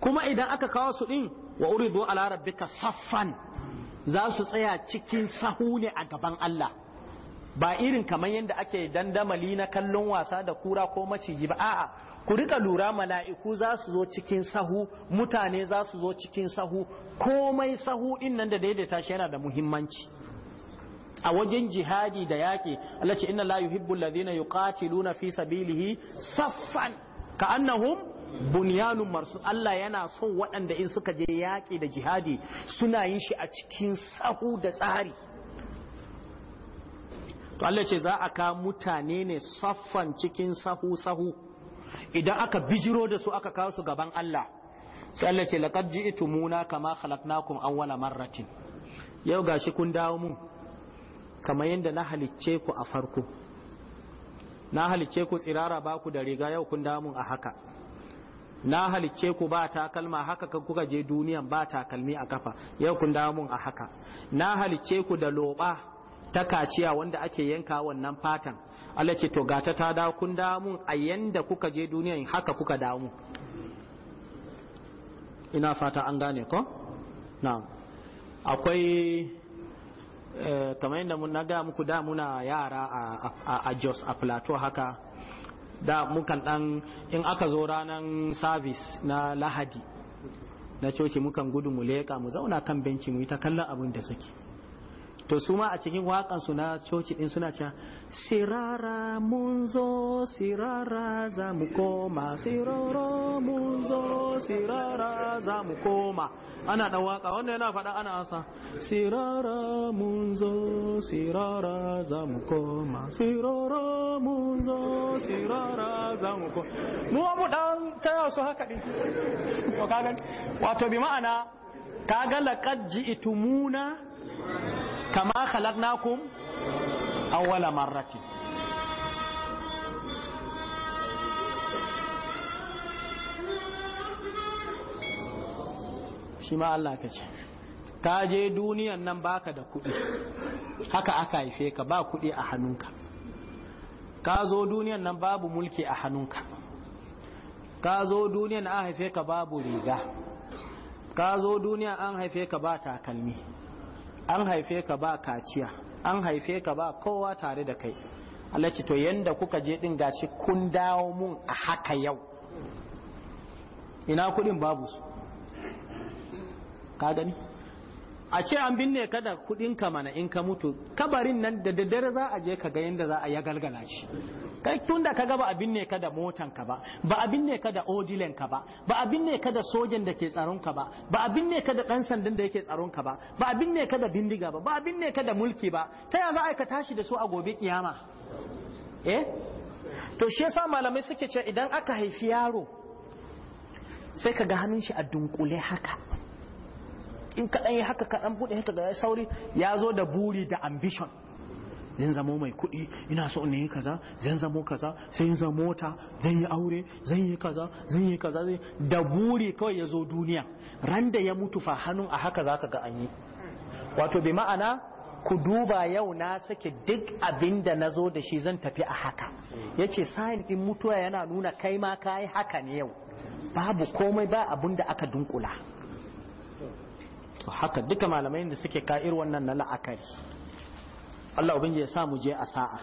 kuma idan aka kawo su din wa uridu ala rabbika saffan za su tsaya cikin sahu ne a gaban Allah ba irin kamar yadda ake dandamali na kallon wasa da kura ko maciji ba a'a ku rika lura mala'iku za su zo cikin sahu mutane za su zo cikin sahu komai sahu din nan da daidaita shi yana da muhimmanci a wajen jihadi da yaƙi Allah ce inna la yuhibbu alladhina yuqatiluna fi sabilihi saffan ka annahum bunyanun marsu Allah yana so waɗanda in suka je yaƙi da jihadi suna yin shi a cikin sahu da tsari to Allah ce za a ka mutane ne saffan cikin sahu sahu idan aka bijiro da su aka kawo su gaban Allah sai Allah ce laqad ji'tumuna kama khalaqnakum awwala marratin yau gashi kun dawo mu kamar yadda na halicce ku a farko na halicce ku tsirara ba ku da riga yau kun dawo mun a haka na halicce ku ba takalma haka kan kuka je duniyan ba takalmi a kafa yau kun dawo mun a haka na halicce ku da loba ta kaciya wanda ake yanka wannan fatan Allah ce to gata ta da kun damun a yanda kuka je in haka kuka damu ina fata an gane ko na'am akwai eh, kamar yadda mun naga muku da muna yara a, a, Jos a plateau haka da mukan dan in aka zo ranar service na Lahadi na coci mukan gudu mu leka mu zauna kan benci mu yi ta kallon abin da suke to su ma a cikin waƙan su na coci din suna cewa sirara munzo sirara za mu koma siroro munzo sirara za mu koma ana da waka wanda yana faɗa ana ansa sirara munzo sirara za mu koma siroro munzo sirara za mu koma mu mu dan taya su haka din wato bi ma'ana ga laqad ji'tumuna kama khalaqnakum awwala marratin shi ma Allah ka ce ka je duniyan nan baka da kuɗi haka aka haife ka ba kuɗi a hannunka ka zo duniyan nan babu mulki a hannunka ka zo duniyan an haife ka babu riga ka zo duniyan an haife ka ba takalmi an haife ka ba kaciya an haife ka ba kowa tare da kai Allah ce to yanda kuka je din gashi kun dawo mun a haka yau ina kudin babu su ka gani a ce an binne ka da kudin ka mana in ka mutu kabarin nan da daddare za a je ka ga yadda za a ya galgala shi kai tun da ka ga ba a binne ka da motan ka ba ba a binne ka da odilen ka ba ba a binne ka da sojan da ke tsaron ka ba ba a binne ka da dan sandan da yake tsaron ka ba ba a binne ka da bindiga ba ba a binne ka da mulki ba ta ya za a ka tashi da su a gobe kiyama eh to shi yasa malamai suke ce idan aka haifi yaro sai ka ga hannun shi a dunkule haka in kaɗan yi haka kaɗan buɗe haka ga sauri ya zo da buri da ambition zan zamo mai kuɗi ina so ne yi kaza zan zamo kaza sai yin zamo mota zan yi aure zan yi kaza zan yi kaza da buri kawai ya zo duniya ran da ya mutu fa hannun a haka za ka ga an yi wato bi ma'ana ku duba yau na sake duk abin da na zo da shi zan tafi a haka ya ce ɗin in mutuwa yana nuna kai ma ka yi haka ne yau babu komai ba abin da aka dunkula to haka duka malamai da suke ka'ir wannan na la'akari Allah ubin ya sa mu je a sa'a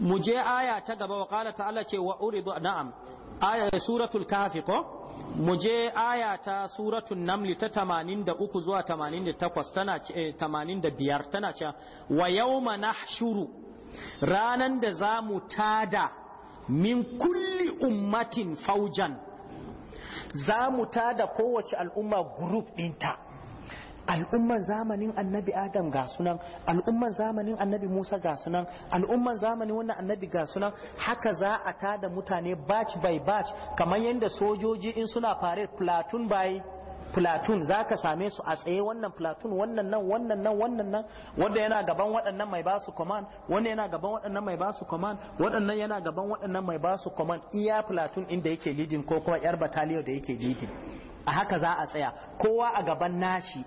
mu je aya ta gaba wa qala ta'ala ce wa uridu na'am aya suratul kafi ko mu je aya ta suratul naml ta 83 zuwa 88 tana 85 eh, tana cewa wa yawma nahshuru ranan da zamu tada min kulli ummatin faujan za mu ta da kowace al'umma group ɗinta al'umman zamanin annabi adam ga sunan al'umman zamanin annabi musa ga sunan al'umman zamanin wannan annabi ga sunan haka za a tada mutane batch by batch kamar yadda sojoji in suna fare platoon by platoon za ka same su a tsaye wannan platoon wannan nan wannan nan wannan nan wanda yana gaban waɗannan mai ba su command wanda yana gaban waɗannan mai ba su command waɗannan yana gaban waɗannan mai ba su command iya platoon inda yake leading ko kuma yar battalion da yake leading a haka za a tsaya kowa a gaban nashi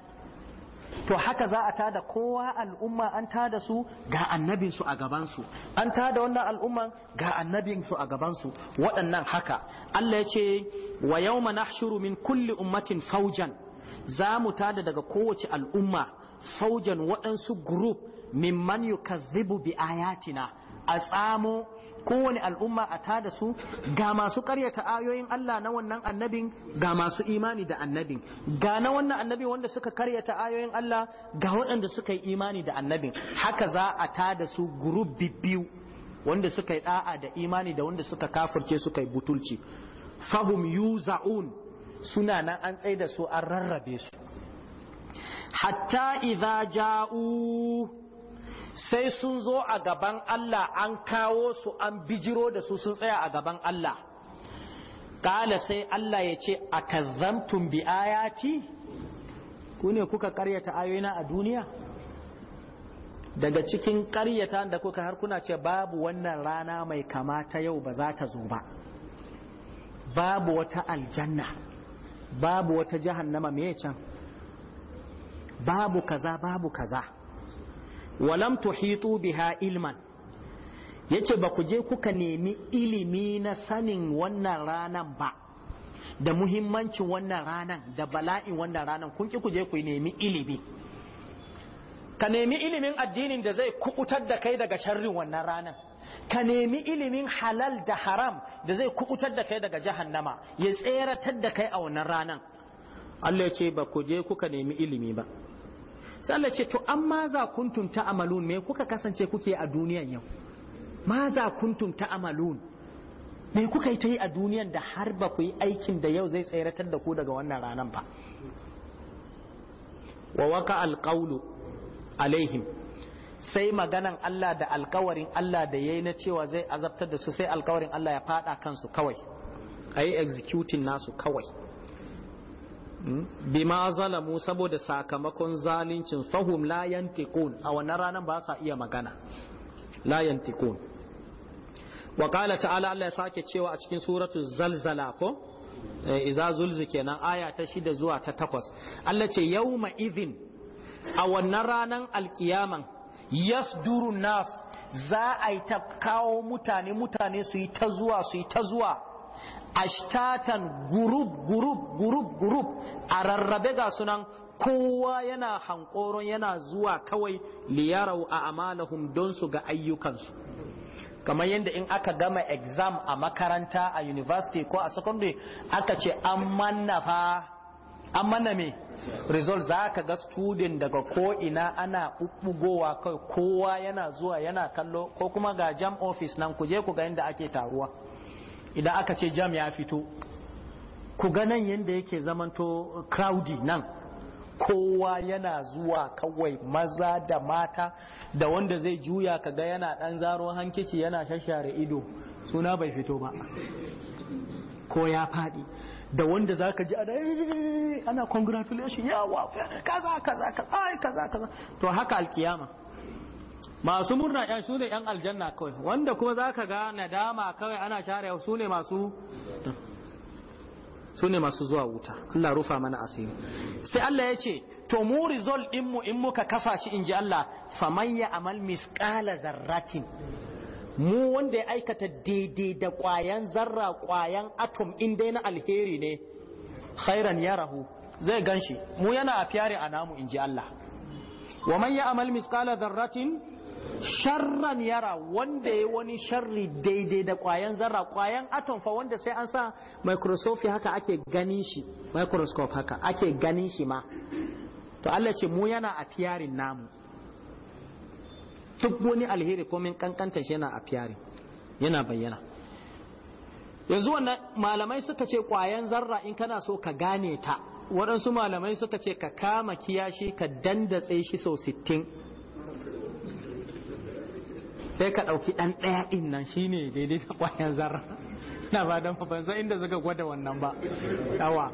to haka za a tada kowa al'umma an tada su ga annabin su a gaban su an tada wannan al'umman ga annabin su a gaban su waɗannan haka Allah ya ce wa yawma nahshuru min kulli ummatin faujan za mu tada daga kowace al'umma faujan waɗansu group mimman yukazzibu bi ayatina a tsamo kowane al'umma a tada su ga masu karyata ayoyin Allah na wannan annabin ga masu imani da annabin ga na wannan annabin wanda suka karyata ayoyin Allah ga waɗanda suka yi imani da annabin haka za a tada su gurub biyu wanda suka yi da'a da imani da wanda suka kafirce suka yi butulci fahum yuza'un suna nan an tsaye da su an rarrabe su hatta idza ja'u sai sun zo a gaban Allah an kawo su an bijiro da su sun tsaya a gaban Allah kala sai Allah ya ce a kazzamtum bi ayati ku ne kuka karyata ayoyina a duniya daga cikin karyata da kuka har kuna ce babu wannan rana mai kamata yau ba za ta zo ba babu wata aljanna babu wata jahannama me can babu kaza babu kaza walam tuhitu biha ilman yace ba ku je kuka nemi ilimi na sanin wannan ranan ba da muhimmancin wannan ranan da bala'in wannan ranan kun ki ku je ku nemi ilimi ka nemi ilimin addinin da zai kukutar da kai daga sharrin wannan ranan ka nemi ilimin halal da haram da zai kukutar da kai daga jahannama ya tseratar da kai a wannan ranan Allah ya ce ba ku je kuka nemi ilimi ba sai Allah ce to amma za kuntum ta'malun me kuka kasance kuke a duniyan yau ma za kuntum ta'malun me kuka yi ta yi a duniyan da har ba ku yi aikin da yau zai tsayratar da ku daga wannan ranan ba wa waka alqawlu alaihim sai maganan Allah da alkawarin Allah da yayi na cewa zai azabtar da su sai alkawarin Allah ya fada kansu kawai ayi executing nasu kawai bima zalamu saboda sakamakon zalincin fahum la yantiqun a wannan ranan ba sa iya magana la yantiqun wa qala ta'ala Allah ya sake cewa a cikin suratu zalzala ko eh, iza zulzi kenan aya ta shida zuwa ta takwas Allah ce yawma idhin a wannan ranan alkiyaman yas nas za a yi ta kawo mutane mutane su yi ta zuwa su yi ta zuwa ashtatan gurub gurub gurub gurub a rarrabe ga sunan kowa yana hankoron yana zuwa kawai liyarau a amalahum don su ga ayyukansu kamar yadda in aka gama exam a makaranta a university ko a secondary aka ce an mannafa an manna me result za ka ga student daga ko'ina ana ɓuɓɓugowa kai kowa yana zuwa yana kallo ko kuma ga jam office nan kuje ku ga yadda ake taruwa idan aka ce jam ya fito ku ga nan yadda yake zamanto crowdy nan kowa yana zuwa kawai maza da mata da wanda zai juya kaga yana dan zaro hankici yana shashare ido suna bai fito ba ko ya faɗi da wanda za ka ji ana eh, ana congratulation yawa kaza kaza kaza kaza to haka alkiyama masu murna yan su ne yan aljanna kawai wanda kuma za ka ga nadama kawai ana share su ne masu su ne masu zuwa wuta Allah rufa mana asiri sai Allah ya ce to mu rizol din mu in muka kafa shi in ji Allah famayya ya amal misqala zarratin mu wanda ya aikata daidai da kwayan zarra kwayan atom in dai na alheri ne khairan yarahu zai ganshi mu yana a fyare a namu in ji Allah wa man ya amal misqala zarratin sharran yara wanda ya wani sharri daidai da kwayan zarra kwayan atom fa wanda sai an sa microscope haka ake ganin shi microscope haka ake ganin shi ma to Allah ce mu yana a fiyarin namu duk wani alheri ko min kankanta shi yana a fiyarin yana bayyana yanzu wannan malamai suka ce kwayan zarra in kana so ka gane ta waɗansu malamai suka ce ka kama kiyashi ka dandatse shi sau sittin sai ka ɗauki ɗan ɗaya ɗin nan ne daidai da ƙwayan zarra na ba don ban inda suka gwada wannan ba yawa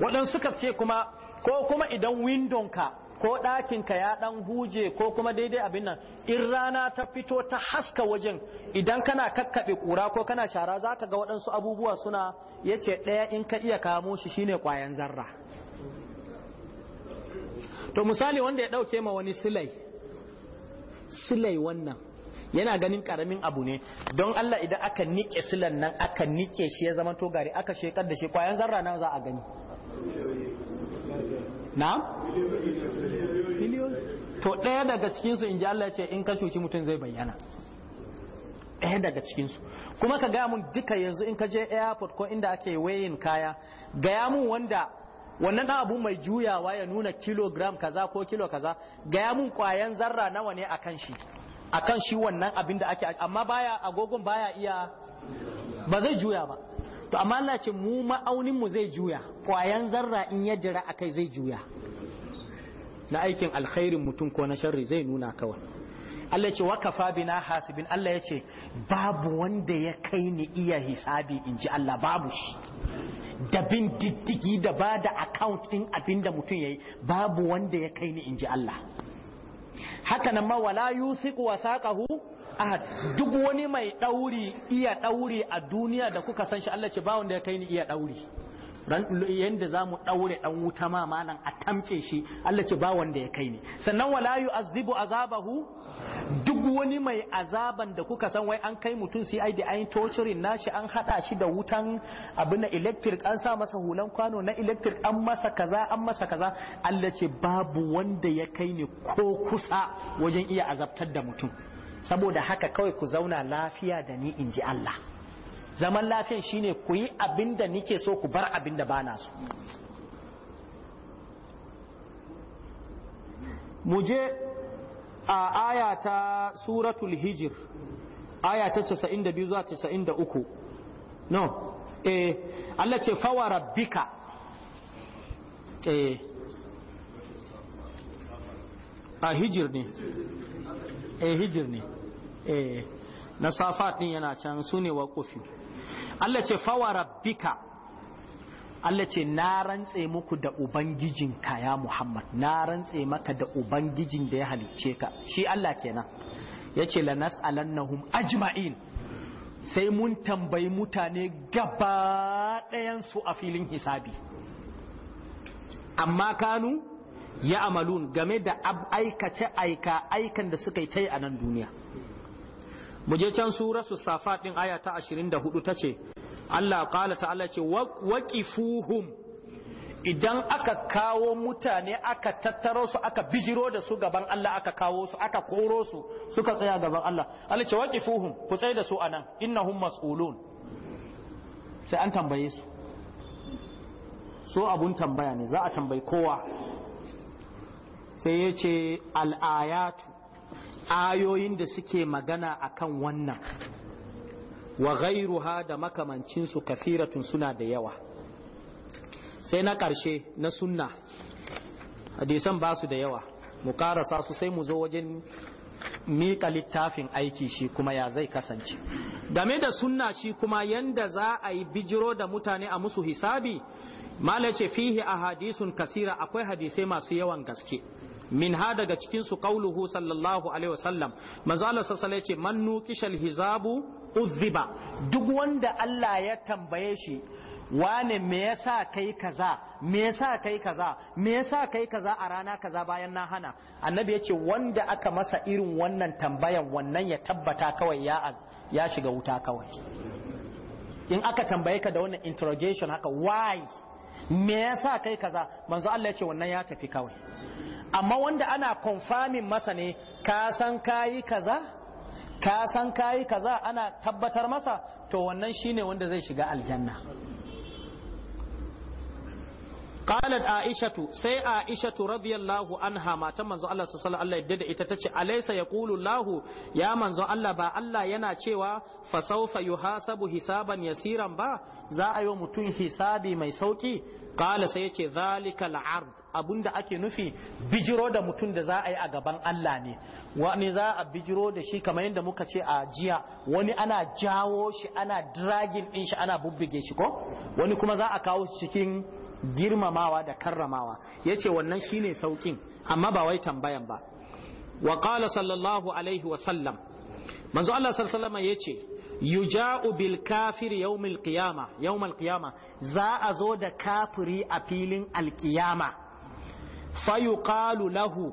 waɗansu suka ce kuma ko kuma idan windon ka ko ɗakin ka ya ɗan huje ko kuma daidai abin nan in rana ta fito ta haska wajen idan kana kakkaɓe ƙura ko kana shara za ka ga waɗansu abubuwa suna ya ce ɗaya in ka iya kamo shi shine ƙwayan zarra to misali wanda ya ɗauke ma wani silai silai wannan yana ganin karamin abu ne don Allah idan aka nike silan nan aka nike shi ya zama to gari aka shekar da shi kwayan zarra nan za a gani Na? to ɗaya daga cikinsu in ji Allah ce in ka cuci mutum zai bayyana ɗaya daga cikinsu kuma ka gaya mun duka yanzu in ka je airport ko inda ake wayin kaya gaya mun wanda wannan ɗan abu mai juyawa ya nuna kilogram kaza ko kilo kaza gaya mun kwayan zarra nawa ne a kan shi akan shi wannan abin da ake amma baya agogon baya iya ba zai juya ba to amma Allah ce mu ma'aunin mu zai juya kwayan zarra in ya jira akai zai juya na aikin alkhairin mutum ko na sharri zai nuna kawai Allah ce wakafa bina hasibin Allah ya ce babu wanda ya kai ni iya hisabi in ji Allah babu shi da bin diddigi da ba da account ɗin abin mutum ya yi babu wanda ya kai ni in ji Allah haka nan ma wala yusiku saqahu ahad duk wani mai dauri iya dauri a duniya da kuka san shi Allah ce ba wanda ya kai ni iya dauri yanda zamu mu ɗaure ɗan wuta ma malam a tamce shi Allah ce ba wanda ya kai ni sannan wala azibu azabahu duk wani mai azaban da kuka san wai an kai mutum sai ai da an torturing nashi an hada shi da wutan abin na electric an sa masa hulan kwano na electric an masa kaza an masa kaza Allah ce babu wanda ya kai ni ko kusa wajen iya azabtar da mutum saboda haka kawai ku zauna lafiya da ni inji Allah zaman lafiyan shine ku yi abin da nike so ku bar abin da bana so mu je a aya ta suratul hijir aya ta 92 zuwa 93 no eh Allah ce fawa rabbika eh a hijir ne eh hijir ne eh na safat din yana can su ne waƙofi Allah ce fawa rabbika Allah ce na rantse muku da ubangijinka ya Muhammad na rantse maka da ubangijin da ya halicce ka shi Allah kenan yace lanas nas'alannahum ajma'in sai mun tambayi mutane gaba ɗayansu a filin hisabi amma kanu ya amalun game da aikace aika aikan da suka yi ta a nan duniya muje je can suratu safat din aya ta 24 tace Allah qala Allah ce waqifuhum idan aka kawo mutane aka tattaro su aka bijiro da su gaban Allah aka kawo su aka koro su suka tsaya gaban Allah Allah ce waqifuhum ku tsaya da su anan innahum mas'ulun sai an tambaye su so abun tambaya ne za a tambayi kowa sai ya ce al'ayatu ayoyin da suke magana akan wannan wa ghairuha da su kafiratun suna da yawa sai na ƙarshe na sunna hadisan ba su da yawa mu karasa su sai mu zo wajen miƙa littafin aiki shi kuma ya zai kasance game da sunna shi kuma yanda za a yi bijiro da mutane a musu hisabi mala fihi a hadisun kasira akwai hadisai masu yawan gaske min ha daga cikin su qauluhu sallallahu alaihi wasallam manzo Allah sallallahu alaihi wasallam man nuqishal hizabu uzziba duk wanda Allah ya tambaye shi wane me yasa kai kaza me yasa kai kaza me yasa kai kaza a rana kaza bayan na hana annabi yace wanda aka masa irin wannan tambayan wannan ya tabbata kawai ya ya shiga wuta kawai in aka tambaye ka da wannan interrogation haka why me yasa kai kaza manzo Allah yace wannan ya tafi kawai amma wanda ana konfamin masa ne ka san kayi kaza ka san kayi kaza ana tabbatar masa to wannan shine wanda zai shiga aljanna qalat aishatu sai aishatu radiyallahu anha matan manzo Allah sallallahu alaihi wasallam Allah ita tace alaysa yaqulu Allah ya manzo Allah ba Allah yana cewa fa sawfa yuhasabu hisaban yasiran ba za a yi wa mutum hisabi mai sauki qala sai yace zalikal ard abunda ake nufi bijiro da mutum da za a yi a gaban Allah ne wani za a bijiro da shi kamar yadda muka ce a jiya wani ana jawo shi ana dragin din shi ana bubbuge shi ko wani kuma za a kawo cikin girmamawa da karramawa yace wannan shine saukin amma ba wai tambayan ba wa qala sallallahu alaihi wa sallam manzo Allah sallallahu alaihi yace yuja'u bil kafir yawmil qiyama yawmal za a zo da kafiri a filin alkiyama fayuqalu lahu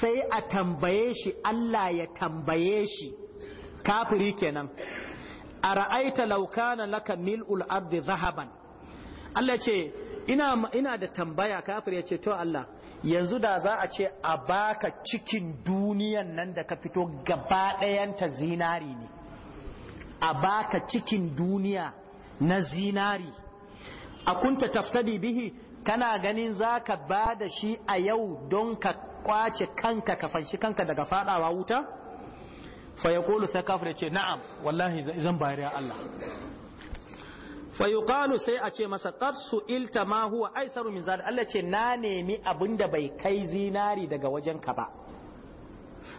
sai a tambaye shi Allah ya tambaye shi kafiri kenan a ra'aita laukana laka mil'ul ardi zahaban Allah ce ina da tambaya kafir ya ce to Allah yanzu da za a ce a baka cikin duniyan nan da ka fito gaba ta zinari ne a baka cikin duniya na zinari a kunta taftadi bihi kana ganin za ka ba da shi a yau don ka kwace kanka ka fanshi kanka daga fadawa wuta fa sai kafir ya ce na'am wallahi zan bayar ya Allah fa sai a ce masa ƙarsu ilta ma huwa aisaru min Allah ce na nemi abinda bai kai zinari daga wajenka ba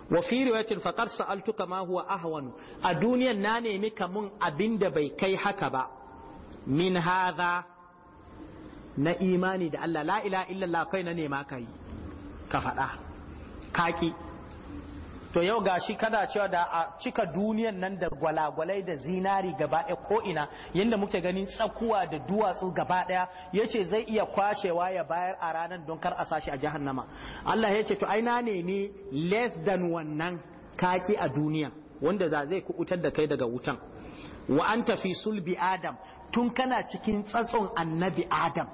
wa fi riwayatin faqad altuka ma huwa ahwan a duniyan na nemi kamun abinda bai kai haka ba min hadha na imani da Allah la ilaha illallah kai na nema kai ka faɗa kaki to yau gashi kana cewa da a cika duniyan nan da gwalagwalai da zinari gaba ɗaya ko ina yadda muke ganin tsakuwa da duwatsu gaba ɗaya ce zai iya kwashewa ya bayar a ranar don kar a sashi a jahannama Allah ya ce to aina ne nemi less than wannan kaki a duniya wanda za zai kubutar da kai daga wutan wa an tafi sulbi adam tun kana cikin tsatson annabi adam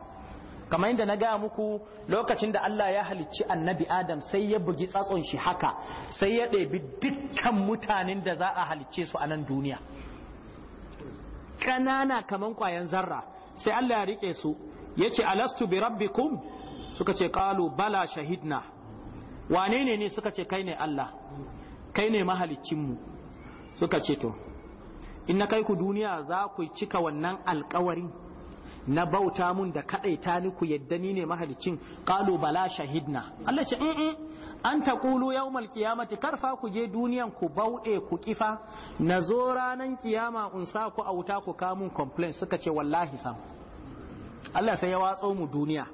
kamar yadda na ga muku lokacin da Allah ya halicci annabi Adam sai ya bugi tsatson shi haka sai ya ɗebi dukkan mutanen da za a halicce su a nan duniya ƙanana kamar kwayan zarra sai Allah ya rike su ya ce alastu bi rabbikum suka ce ƙalu bala shahidna wane ne ne suka ce kai ne Allah kai ne mahaliccinmu suka ce to in na kai ku duniya za ku cika wannan alkawarin na bauta mun da kaɗaita ni ku yadda ni ne mahalicin qalu bala shahidna Allah ce in mm, mm, an taqulu yawmal qiyamati karfa ku je duniyan ku bauɗe ku kifa na zo ranan kiyama in sa ku auta ku kamun complain suka ce wallahi sam Allah sai ya watso mu duniya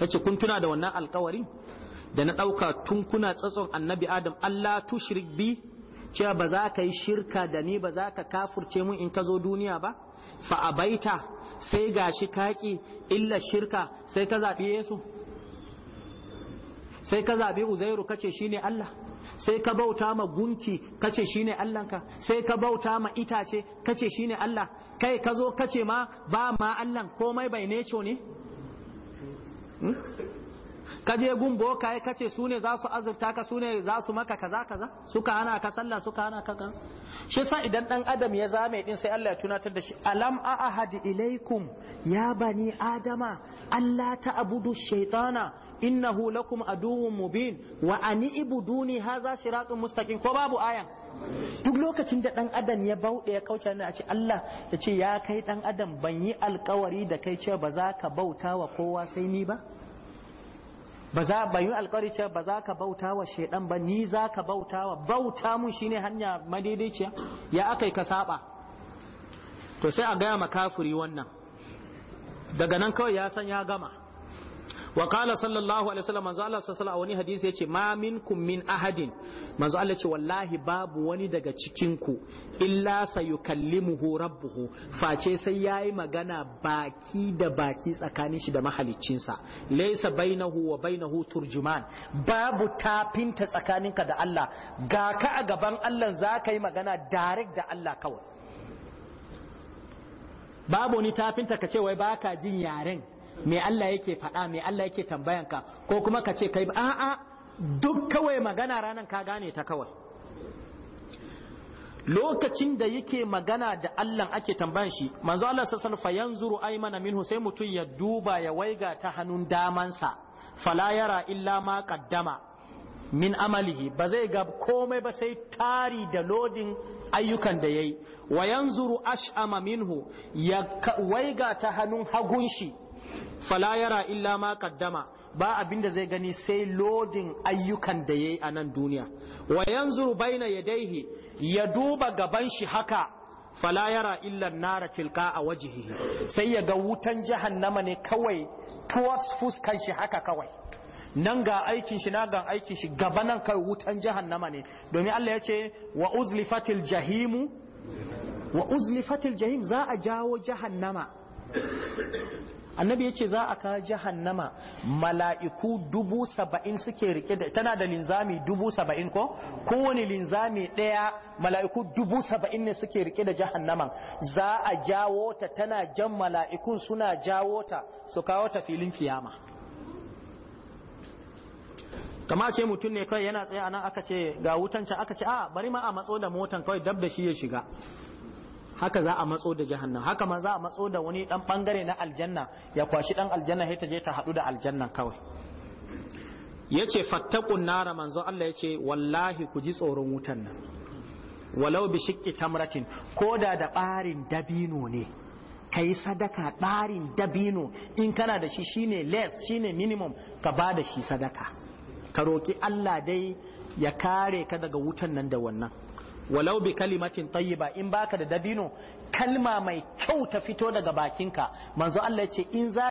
yace kun tuna da wannan alƙawarin da na ɗauka tun kuna tsatson annabi adam Allah tushrik bi cewa ba za ka yi shirka da ni ba za ka kafurce mun in ka zo duniya ba fa abaita sai ga gashi kaki illa shirka sai ka zaɓi yesu sai ka zaɓi uzairu kace shine Allah sai ka bauta ma gunki kace shine Allahnka sai ka bauta ma itace kace shine Allah kai ka zo kace ma ba ma Allahn komai bai neco ne hmm? Kaje gun boka ya kace su ne za su azurta ka su ne za su maka kaza kaza suka hana ka sallah suka hana ka kan shi sa idan dan adam ya zame din sai Allah ya tunatar da shi alam a ahadi ilaikum ya bani adama Allah ta abudu shaitana innahu lakum aduwwun mubin wa ani ibuduni hadha siratun mustaqim ko babu ayan duk lokacin da dan adam ya bauɗe ya kauce ne a ce Allah ya ce ya kai dan adam ban yi alkawari da kai ce ba za ka bauta wa kowa sai ni ba ba za ba yi alkawari ba za ka bauta wa shaidan ba ni za ka bauta wa bauta mun shine hanya madaidaiciya ya akai ka saba to sai a gaya ma wannan daga nan kawai ya san ya gama wa qala sallallahu alaihi wasallam manzo Allah sallallahu alaihi wani hadisi yace ma minkum min ahadin manzo Allah ce wallahi babu wani daga cikin ku illa sayukallimuhu rabbuhu face sai yayi magana baki da baki tsakanin shi da mahaliccinsa laysa bainahu wa bainahu turjuman babu tafinta tsakaninka da Allah ga ka a gaban Allah zaka yi magana direct da Allah kawai babu ni tafinta ka ce wai baka jin yaren me Allah yake faɗa me Allah yake tambayanka ko kuma ka ce kai a'a duk kawai magana ranar ka gane ta kawai lokacin da yake magana da Allah ake tambayan shi manzo Allah sallallahu alaihi yanzuru aymana minhu sai mutum ya duba ya waiga ta hannun damansa fala yara illa ma qaddama min amalihi ba zai ga komai ba sai tari da lodin ayyukan da yayi wa yanzuru ash'ama minhu ya waiga ta hannun hagun shi fala yara illa ma kaddama ba abin da zai gani sai lodin ayyukan da yayi a nan duniya wa yanzu baina daihe ya duba gaban shi haka fala yara illa nara tilqa a wajhihi sai ya ga wutan jahannama ne kawai towards fuskan shi haka kawai nan ga aikin shi na ga aikin shi gaba nan kai wutan jahannama ne domin Allah ya ce wa uzlifatil jahimu wa uzlifatil jahim za a jawo jahannama annabi ya ce za a kawo jahannama mala'iku dubu saba'in suke rike da tana da linzami dubu saba'in ko kowane linzami ɗaya mala'iku dubu saba'in ne suke rike da jahannaman za a jawo ta tana jan mala'ikun suna jawo ta su kawo ta filin kiyama kama ce mutum ne kawai yana tsaye a nan aka ce ga wutan can aka ce a bari ma a matso da motan kawai dab da shi ya shiga haka za a matso da jahannam haka ma za a matso da wani dan bangare na aljanna ya kwashi dan aljanna sai ta je ta hadu da aljanna kawai yace fattakun nara manzo Allah yace wallahi ku ji tsoron wutan nan walau bi shiqqi tamratin koda da barin dabino ne kayi sadaka barin dabino in kana da shi shine less shine minimum ka ba da shi sadaka ka roki Allah dai ya kare ka daga wutan nan da wannan walau bi kalimatin tayyiba in baka da dabino kalma mai kyau ta fito daga bakinka manzo Allah ya ce in